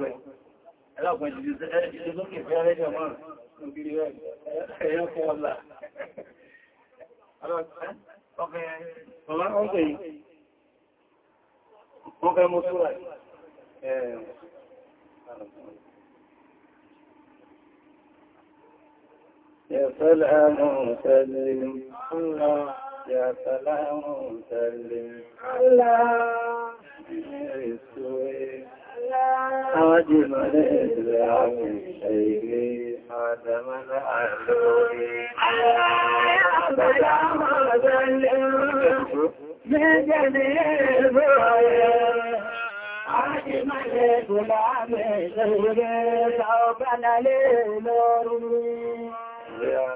ògiri rẹ̀ ẹ̀yà kọmọ̀ lọ. ọlọ́run mú súra يا سلام سلم على السويد أجمل إسلام الشيخ آدم الألوي على سلام سلم من جميع الرؤيا أجمل إسلام الشيخ توبنا للنور يا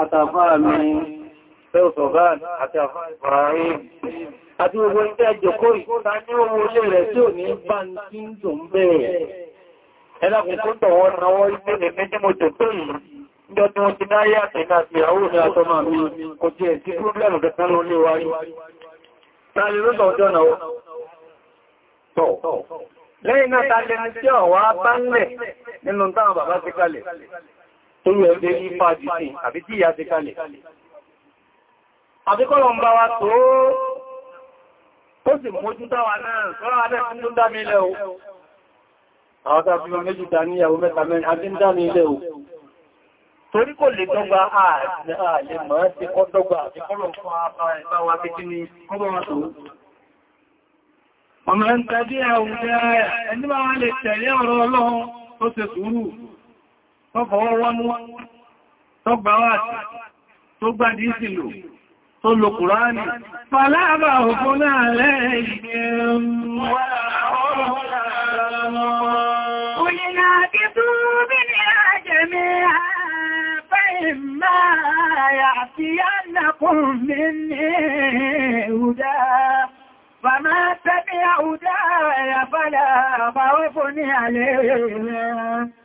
àtàfáà mi Fẹ́ọ̀sọ̀gáàd àti àfáàrí àti gbogbo ìtẹ́ ìjọkóì ta ní owó ilé rẹ̀ tí ò ní bá ń tí ń tò ń bẹ̀rẹ̀. Ẹlàkùn tó tọ̀wọ́ náwọ́ ilé rẹ̀ méjì mo tò tó yìí, ìjọ tí wọ́n ti náyé àtẹ̀ká àti ìyàwó ní àtọ́mà mi, kò tí ẹ̀ sí tó yẹ ọdẹ́ ní fàájì sí àbí tí ìyá ti kalẹ̀. Àbíkọ́lọ̀ ń bá wa tó ó sì mójú táwà náà sọ́rọ̀ alẹ́ fún ló dá mi ilẹ̀ o. Àwọn tàbí wọn méjì ta ní ìyàwó mẹ́ta mẹ́rin, a ti ń dá ilẹ̀ o. Torí kò lè dọ́gba ààlè máa ti tó fọwọ́ wọ́nú tó gbà wá sí tó gbà díìsì lò tó lo Kùránì fàlábà òkun náà lẹ́yìn wà ما يعطينكم مني هدى فما تبع هدايا فلا خوف عليهم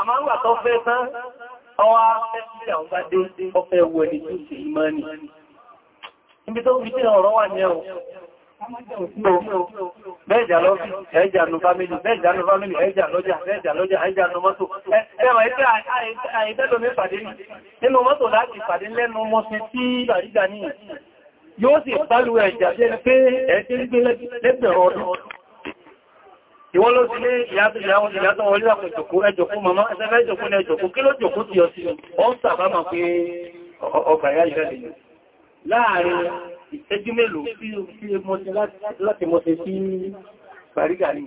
àmá ń gbà tó fẹ́ tán ọwá fẹ́ àwọn bá dé ọfẹ́ wọ ẹni tó sì ìmọ́ ni níbi tó fi tí ọ̀rọ̀ wà ní ẹ̀wọ̀ Bẹ́ẹ̀jà lọ́fí, ẹjà nù fámílì, bẹ́ẹ̀jà nù fámílì, ẹjà lọ́jà, ẹjà lọ́jà, ẹjà nù mọ́tò. Ẹwà ẹgbẹ́ àìdẹ́lò mi pàdé nínú mọ́tò láti pàdé lẹ́nu mọ́sí tí àríjà ní yóò sì bálú ẹjà jẹ́ pé ẹjẹ́ gbé lẹ́gbẹ̀rọ ọdún ìwọ́n ló ti lé ìyàtọ̀ ìyàtọ̀ wọlé àpò ìjòkó ẹjòkó mama ẹsẹ́fẹ́ ìjòkó ní ẹjòkó kí ló jòkó ti ọtí ọ́n sàbámà pé ọgbà ìyá ìrẹ́lẹ̀ láàrin ìṣẹ́jú mélòó láti mọ́sẹ̀ sí parígàrí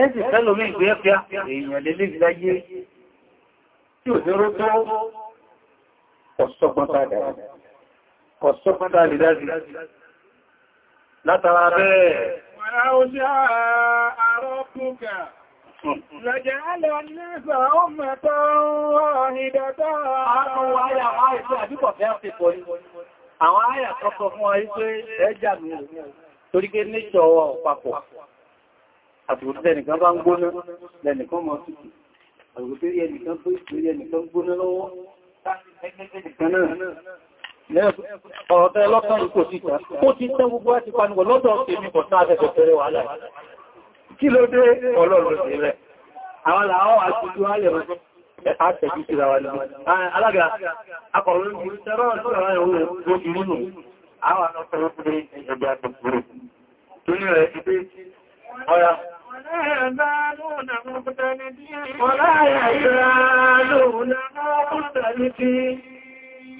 ẹ́sì fẹ́lómí ìgbé ẹ́fẹ́ èèyàn lélé ìláyé tí ò ní rótó ọ̀sọ́gbọ́n tààdà ọ̀sọ́gbọ́n tààdà látara bẹ́ẹ̀ أو شاء ربك لجعل الناس أمة واحدة Àwọn àyà àìsẹ́ àbíkọ̀ fẹ́ fi pọ̀ ní. Àwọn àyà kọ́kọ́ fún wa wípé ẹjà mi torí pé níṣọ́ papọ̀. Àtìkò tẹ́ nìkan bá ń gbóná, lẹ́nìkan mọ̀ sí. Àtìkò tẹ́ yẹ tó ìpínlẹ̀ nìkan gbóná lọ́wọ́ ọ̀rọ̀tẹ́ lọ́tàn ikò síta kó ti tẹ́ gbogbo àti panubọ̀ lọ́dọ̀ tèmi kọ̀ sáà tẹ́fẹ̀ fẹ́rẹ́ wà láì kí ló dé ọlọ́run sí rẹ̀ àwọn làwọn àṣìjú alẹ́ Ọ̀rọ̀ Wọ́n láyé ìrànlọ́wọ́ náà mọ́kútà ní tí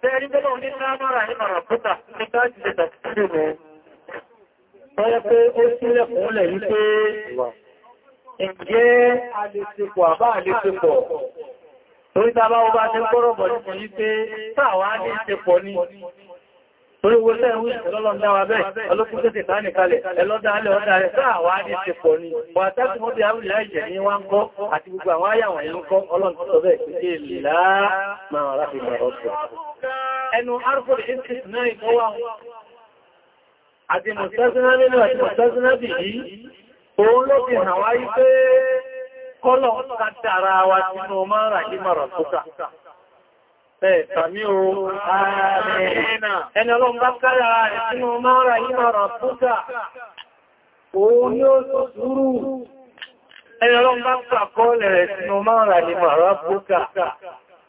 Tẹ́rí bẹ́lọ̀ ní Sáàmàrà ní Màràkúta ní káàkì ṣe tàkìtì mú. Wọ́n yẹ pé ó sílẹ̀ fúnlẹ̀ ní pé ǹjẹ́ alẹ́sẹ̀pọ̀ àbá alẹ́sẹ̀pọ̀. Torí tàbá ọba ti gbọ́rọ̀ bọ̀ ní pé táwà ní ìṣẹ́pọ̀ ní Torí owó tẹ́ ìwé ìṣẹ́lọ́lọ́dáwà bẹ́ẹ̀, ọlọ́pùn tó ti ká nìkalẹ̀, ẹlọ́dá alẹ́ ọ̀dá rẹ̀ sáà wá ní ṣe pọ̀ ní. Wà tẹ́kùn mọ́ bí àwùlẹ̀ àìjẹ̀ ní wá ń kọ́ àti gbogbo àwọn àyàwó ìlú kọ́ ọlọ́pùn tó bẹ́ẹ̀ sí ilẹ̀ láàá máa ráfi máa rọ́pùn. Ẹnu arúgbò ìsìnkú náà àti mọ̀sẹ́sẹ́ná nínú àti mọ̀sẹ́sẹ́ná bì yí òun ló fi hàn wáyé pé kọ́lọ̀ Ẹ̀sàmí o, ẹni ọlọ́run bá kára rẹ̀ sínú máa ra ìmọ̀ rọ̀ púpà, òun ni ó tó dúrú. Ẹni ọlọ́run bá kàkọ́ọ̀lẹ̀ rẹ̀ sínú máa ra ìmọ̀ rọ̀ púpà,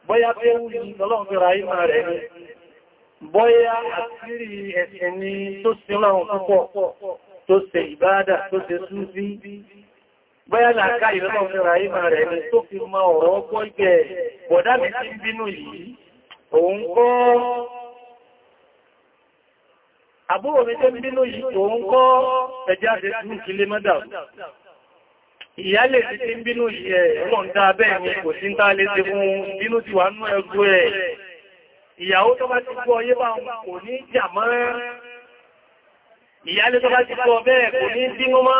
bóyá pé wù ní ọlọ́run fi ra ìmọ̀ rẹ̀ ni, bóyá àtírí ẹ̀sẹ̀ ni tó sí ọlọ́run púpọ̀, tó ṣe ìbádà, tó ṣe súnfí,
bóyá làákà ìrọ́lọ́run ni
tó òun kọ́ àbúrò mi tẹ́ bínú yìí òun kọ́ ẹjá ṣe tún kí lé mọ́dà ìyálẹ̀ ti ti ń bínú yìí ẹ̀ ọlọ́n dáa bẹ́ẹ̀ ni kò sí ń tá lé ti fún bínú ti wà nú ẹgbó ẹ̀ ìyàwó tó bá ti gbọ́ yé bá kò ní jà mọ́ ìyálẹ̀ tó bá ti gbọ́ bẹ́ẹ̀ kò ní bínú mọ́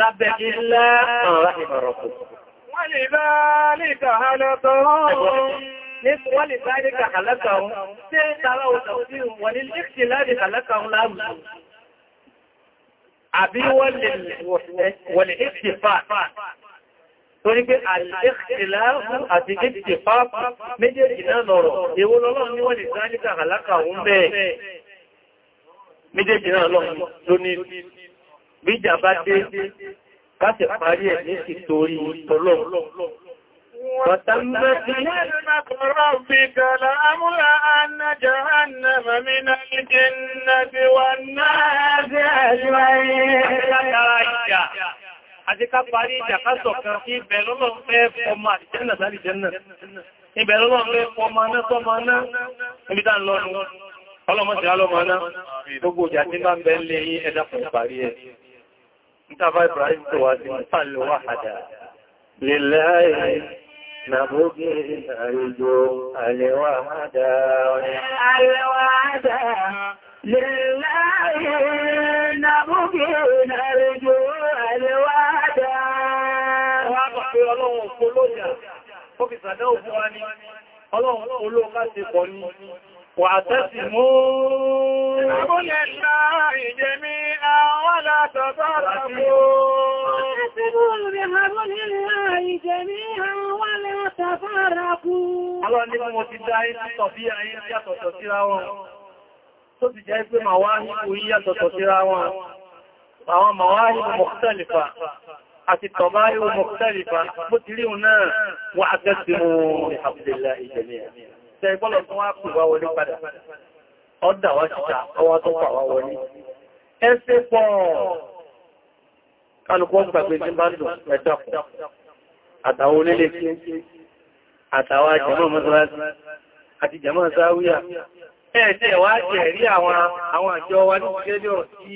lábẹ́ ilá ọ̀rá ìbọ̀rọ̀kù. Wọ́n lè bá lè kàhà lọ́tọ̀ wọ́n lè bá lè kàhà lọ́tọ̀ wọn, tí tàbá òtàkù sí wọn ní lè láti kàlákà wọn láàmù. Àbí wọ́n lè ìṣẹ́fà torí pé àìlẹ́kìláàfù àti ìtìfáàfù méjèèjì náà lọ̀rọ̀ èwo lọ́lọ́run ní wọ́n lè dá àlákà òun bẹ́ẹ̀
méjèèjì náà lọ́rùn lónìí
bíjà bá dé káṣẹ̀ parí ẹ̀ ní ti torí tọ́lọ̀ Àti ká parí ìjà ká sọ̀kan kí ìbẹ̀rẹ̀ lọ́lọ́ fẹ́ ọmọ àti jẹ́nà sáré jẹ́nà. Ìbẹ̀rẹ̀ lọ́lọ́ fẹ́ ọmọ aná sọ́mọ aná, ibi tá ń lọ́nu. Ọlọ́mọ sí alọ́mọ aná, gbogbo ìjà tí bá ń bẹ́ lè yí ẹ̀dàpọ̀ parí ẹ̀. Ìtàbá Ibrahim tó wà sí pàlú wáhàdà.
Lèláyé
nàbógé àrùjọ àlèwàhàdà. Àlèwàhàdà. Lèláyé nàbógé àrùjọ àlèwàhàdà. Wọ́n bá pé ọlọ́run kó lójà, ó fi sàdẹ́ òfin wa ọlọ́run kó ló ولا تفرقوا واعتصموا بحبل الله جميعا ولا تفرقوا الله ni mo ti dá yín tọ̀bí ayín yàtọ̀tọ̀ síra wọn tó ti jẹ́ pé màwáhìbù yí yàtọ̀tọ̀ síra wọn àwọn màwáhìbù mọ̀kútẹ̀lìfà àti tọ̀báyìbù mọ̀kútẹ̀lìfà bó ti ríun náà wọ́n àtẹ́sìmú ìhàbùdìlá ìjẹ̀míyà tẹ́ ìgbọ́lọ̀ tó wá kù wá wọlé padà ọdà wá ṣíta ọwá tó pà wá wọlé ẹsẹ̀ pọ̀ kálùkọ́ pàgbé tí bá dùn ẹ̀dàpọ̀ àtàwọn onílé tí àtàwọn jàmáà mọ́sálásí àti jàmáà sáwíyà ẹ̀ẹ́dẹ̀ wá jẹ̀rí àwọn àwọn àjọ wa ní gẹ́lẹ́ ọ̀ sí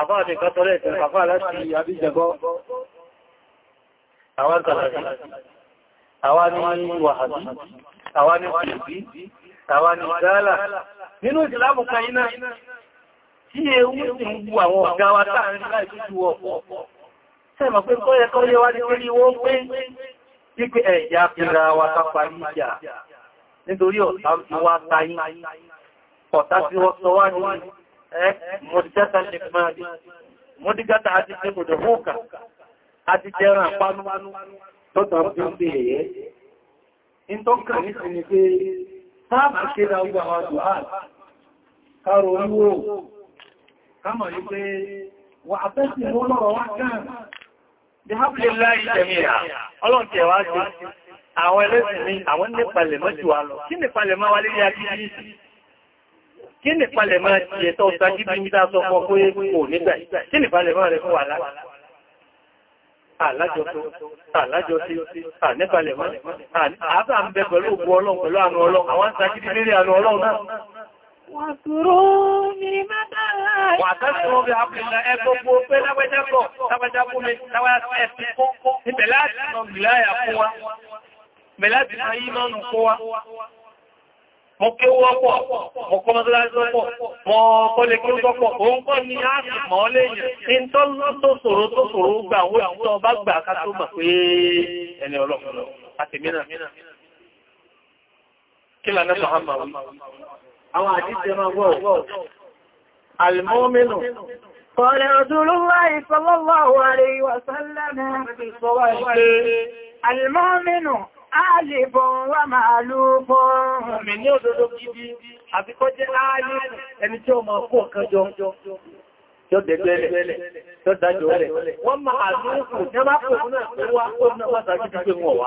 àbá àmì kátọ́lẹ̀ tí àfá láti àbíjẹgọ́ àwọn kàlàrí àwọn ní wàhálì àwọn ní wàhálì àwọn ní gálà nínú ìsìlámù kan iná tí ewu sì ń bu àwọn ọ̀gá wa táàrin láì tútù ọ̀pọ̀. Sẹ́mọ̀ pé kọ́ yẹ kọ́ yẹ wá ní pé ìwọ́ pé wípé ẹ̀yà pèrà wa kápa ní ìjà nítorí ọ̀tá ti wá tayín.
Ọ̀tá tí wọ́n sọ wá ní
ẹ́ mọ̀dígátà ṣe máa dé. Mọ̀dígátà àti ṣe kò dọ̀fóòkà àti jẹran àpánú tọ́ta kámọ̀ yí pé wà àfẹ́sì mú lọ́rọ̀ wá kàn bí hápìlì láì jẹmí à ọlọ́run ti ẹ̀wà sí àwọn ẹlẹ́sìn ní àwọn nípalẹ̀ mọ́jú wa lọ kí nípalẹ̀ máa wà lórí akíkí kí nípalẹ̀ máa ti ẹ̀tọ́ sagídí ń dá sọ fọ́ pé kò nígbà kí nípalẹ̀ máa rẹ̀ fún wà láti
àlájọ́tó àlájọ́tí ànípalẹ̀ máa àbá ń bẹ pẹ̀lú òkú ọlọ́run pẹ̀lú àánú ọlọ́run àwọn sagídí lérí àánú ọlọ́run náà
Wàtàkùn bí àpìlà ẹgbogbo pé lágbẹ́jẹ́kọ̀, lágbẹ́jẹ́kọ̀ mi, lágbẹ́jẹ́kọ̀ ẹ̀sìn kó, ìbẹ̀ láti lọ gbìláyà fún wa, bẹ̀ láti máa yí máa ń kó wa. Mo kí ó wọ́pọ̀, mo kọ́ mọ́tọ́lá sọ́pọ̀, mo kọ́ lè kí ó ni a sì mọ́ lẹ́yìn, in tó lọ́ tó sòro tó sòro gbà wọ́n tó bá gbà ká tó mọ̀ pé lànà Muhammad wí? àwọn àdíjẹ máa gbọ́ alìmọ́mínú Kọ̀lẹ̀ òdúrúwà sallallahu alayhi wa sallam Alìmọ́mínú, àlìbọn wà máa lúbọn. Mì ní òdòdó gidi, àfikọ́ jẹ́ láàáyé ẹni tí ó máa kó ọ̀kan jọ tí ó dẹ̀gbẹ̀lẹ̀ tí ó dájò rẹ̀. Wọ́n máa lúkù ní ọmọ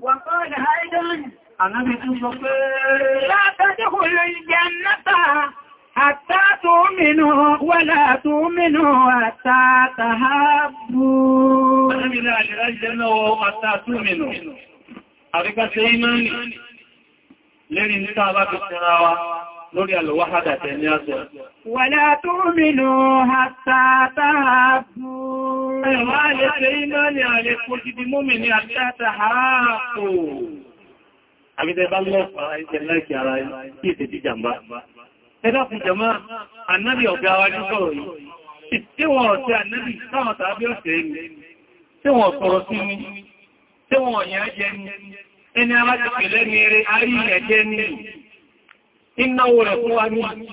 وقال أيضا لا تدخلوا الجنة حتى تؤمنوا ولا تؤمنوا حتى تهبوا lẹ́rin nígbà bá fi ṣẹra wa lórí alùwáhádà tẹ̀ ní àṣẹ. Wàlá tó mìnú àtàtà bú. Ẹ̀wà alẹ́fẹ́ iná ni àlẹ́kò ha ha ní sọ̀rọ̀ yìí. Tí mi, tí wọ́n yẹn jẹ́ ni, ẹni alájẹ́pẹ̀lẹ́ ni eré arí ẹ̀jẹ́ ni, ináwó rẹ̀ fún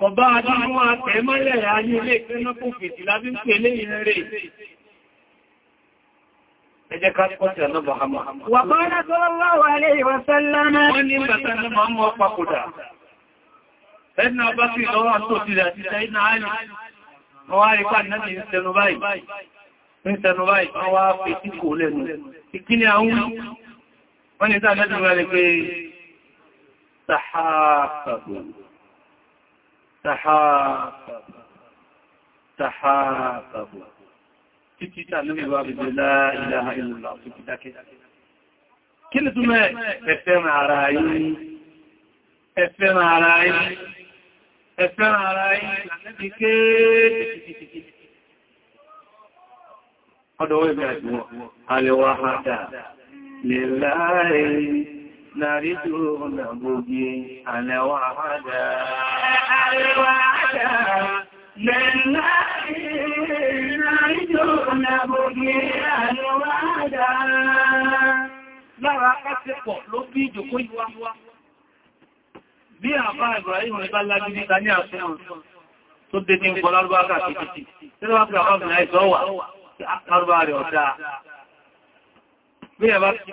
Kọ̀bá adúgbò àtẹ̀mọ́lẹ̀ ayé ilé ìpínlẹ̀ kò fìtì lábí ń pè lé ìrẹ́. Ẹjẹ́ ká pọ́tẹ̀ ọlọ́bọ̀ àmà. Wà bá rẹ̀ tó lọ́wọ́ alẹ́ ìwọ̀sẹ́lẹ́mẹ́. Wọ́n ní bàtà ní máa mọ́ pàkòdà. Ẹdínà bá sí lọ́wọ́ àtòsílẹ̀ àti ṣẹ́yìnà àìlú. Wọ́n wá rí pàdé náà ní ìṣẹ́nu rẹ̀ pé, Sàhàfàbùn. تحافظ تحافظ títí tí àlúrí wà bí bí láìláha ìlúlà tó ti dákẹ́. Kí lè túnmẹ́ ẹ̀fẹ́ràn ara yìí, ẹ̀fẹ́ràn ara yìí, ẹ̀fẹ́ràn ara Ọdọ̀ wọ́n ìgbà ìgbà àlẹ́wà hàdà lè láàrin láàrin tó gbogbo àlẹ́wà hàdà. Lára akásẹ́pọ̀ ló bí ìjòkó ìwá. Bí àfá Ibrahim ìbá lágídí ta ní àfihàn tó dé ní ìpọ̀ lárúbá kàkìtì. Tí wá pẹ̀lú àwọn ìrìnà ìṣọ́ wà,
lárúbá rẹ̀ ọ̀dá.
Bí ẹ̀bá ti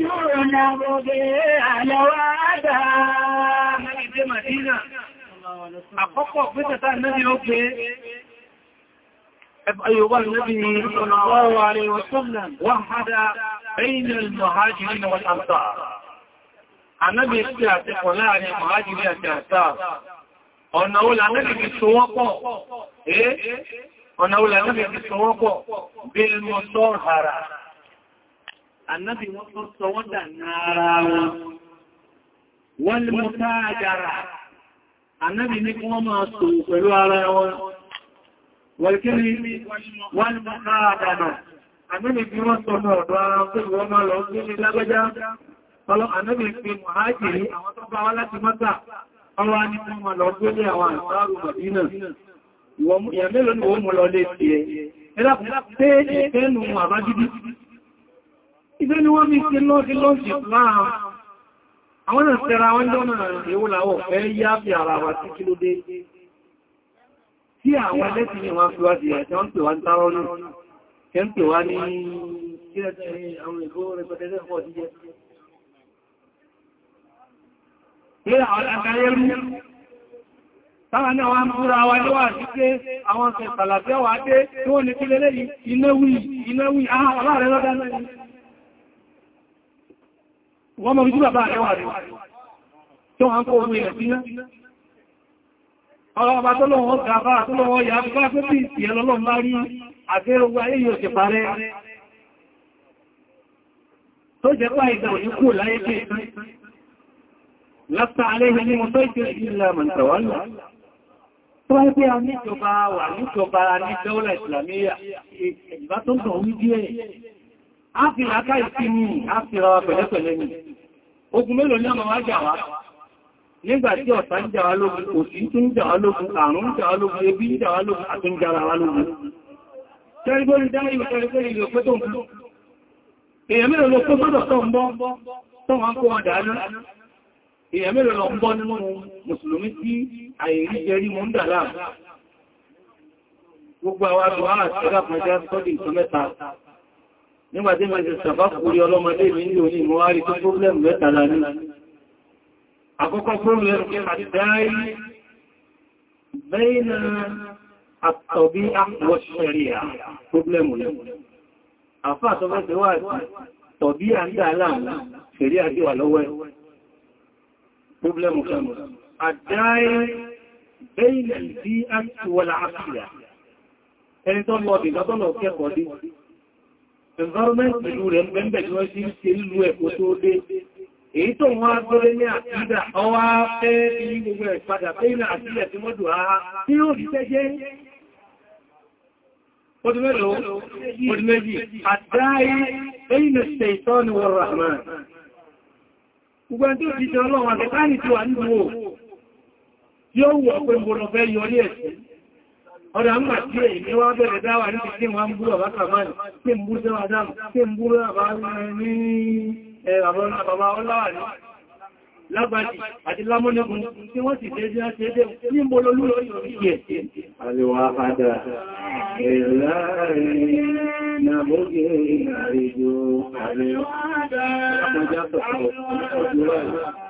دون بضيع لوادا Àkọ́kọ́ pẹ́sẹ̀ tá nẹ́bí ó pé أيها النبي صلى الله عليه وسلم وحد بين المهاجرين والأنصار النبي سيأتي قلاني مهاجرين كأنصار ọ̀nàwó lànàbì fi ṣòwọ́pọ̀ ọ̀nàwó lànàbì fi ṣòwọ́pọ̀ bí mọ̀ sọ́rọ̀ Ànábì wọ́n tó sọ wọ́n dà nára wọn. Wọ́n lè mú táàdára. Ànábì ní kí wọ́n máa sọ pẹ̀lú ara wọn. Wọ́n kí ni wọ́n lè mú táàdára. Ànábì bí wọ́n sọ náà ọ̀dọ̀ ara pé wọ́n máa lọ sí ní lágbẹ́já. Ọlọ́ Ànábì fi Mùhájìrí àwọn tó bá wá láti Mọ́ta. Ọwọ́ á ní wọ́n Ibẹ́ ni wọ́n ní ṣe lọ́dí lọ́dí láàá. Àwọn náà tẹ́ra wọ́n jọ́nà èwò làwọ̀ fẹ́ yá bí ara wa tí kí ló dé. Tí àwọn ẹlẹ́tì ní wọ́n fi wá sí ẹ̀ṣẹ́ wọ́n pè wá ní tárọ́ ní, kẹ́ ń pè wá ní Táwọn náà wọ́n múra wa ló wà sí pé àwọn ọ̀sẹ̀ tàlàfẹ́ wà dé tí wọ́n ní kí lélẹ́ ìnáwí, ìnáwí, àwọn ah, ọlọ́rẹ̀ lọ́dá náà wọ́n mọ̀ ìjú bàbá ẹwà rẹ̀ tó wọ́n kó omi ẹ̀ síná ọ̀rọ̀ ọba tọ́lọ́wọ́ gàfà tọ́lọ́wọ́ yà bá fẹ́ bí ìsìyẹ lọ́lọ́m bá rí àfẹ́ ogun ayé yóò ṣe parẹ́ tó jẹ́ pá ìgbà òní kú láyé pé látà alẹ́hìn ní mo tó ìjọ ìlà mọ̀ntàwálà tó wáyé pé a níjọba wà níjọba ní dọ́là ìsinmi á fi pẹ̀lẹ́pẹ̀lẹ́ ni ogun mélòó ní ọmọ wá jà wá nígbàtí ọ̀tá ń jà wá lógun òsì tún jà wá lógun àrùn jà wá lógun ebi jà wá lógun àtún jara wá lógun tẹ́rígbórí dáyìí tẹ́rígbórí ilẹ̀ pẹ́ tó ń bọ́ èèyàn mélòó lọ pé gbọ́dọ̀ tó ń bọ́
tó wọ́n kó wọn dáná
gbogbo àwọn àdùn àti ẹgbàpọ̀já sọ́dì nígbàtí mo ti sàfá kúrí ọlọ́mọdé mi ní òní mo wá tó problem mẹ́ta lání àkọ́kọ́ problem àdáyé bẹ́ẹ̀nà àtọ̀bí àwọ̀ṣẹ̀ríà problem lẹ́wọ̀n àfá àtọ́fẹ́sẹ̀ wà tọ̀bí àndà aláàlá fèrí àti wà lọ́wọ́ problem kẹmọ̀ àdáyé bẹ́ẹ̀nà ìdí àti wọ́lá àfíà ẹni tó environment pẹ̀lú rẹ̀ mẹ́mẹ́ tí wọ́n sí ṣe lú ẹ̀kọ́ tó dé èyí tó wọ́n agbọ́rẹ́ ní àkídà ọwá fẹ́ ní gbogbo ẹ̀ padà pé ìlà àtílẹ̀ tí mọ́dù ara tí ó rí fẹ́ jẹ́ ọdún mẹ́lòó ọdún méjì àdáyé ẹ̀yìn ẹ̀sẹ̀ ìtọ́ni wọ́n ọ̀dá ń gbàtí èyí wá bẹ̀rẹ̀ dáwà ní ti wá ń búrọ̀ bá kàmáàlì tí ń búrọ̀ àdámù tí ń búrọ̀ bá ní bàbá ní lágbàtí àti lámọ́nẹ́kùn tí wọ́n sì tẹ́jú láti ẹgbẹ́ ní mo lọ lúrọ̀ ẹ̀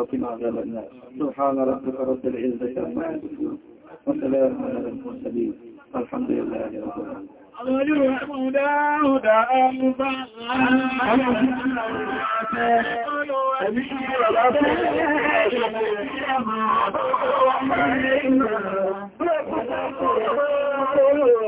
وقنا عذاب النار سبحان ربك رب العزة عما يصفون وسلام على المرسلين الحمد لله رب العالمين
قالوا هدى أنبغى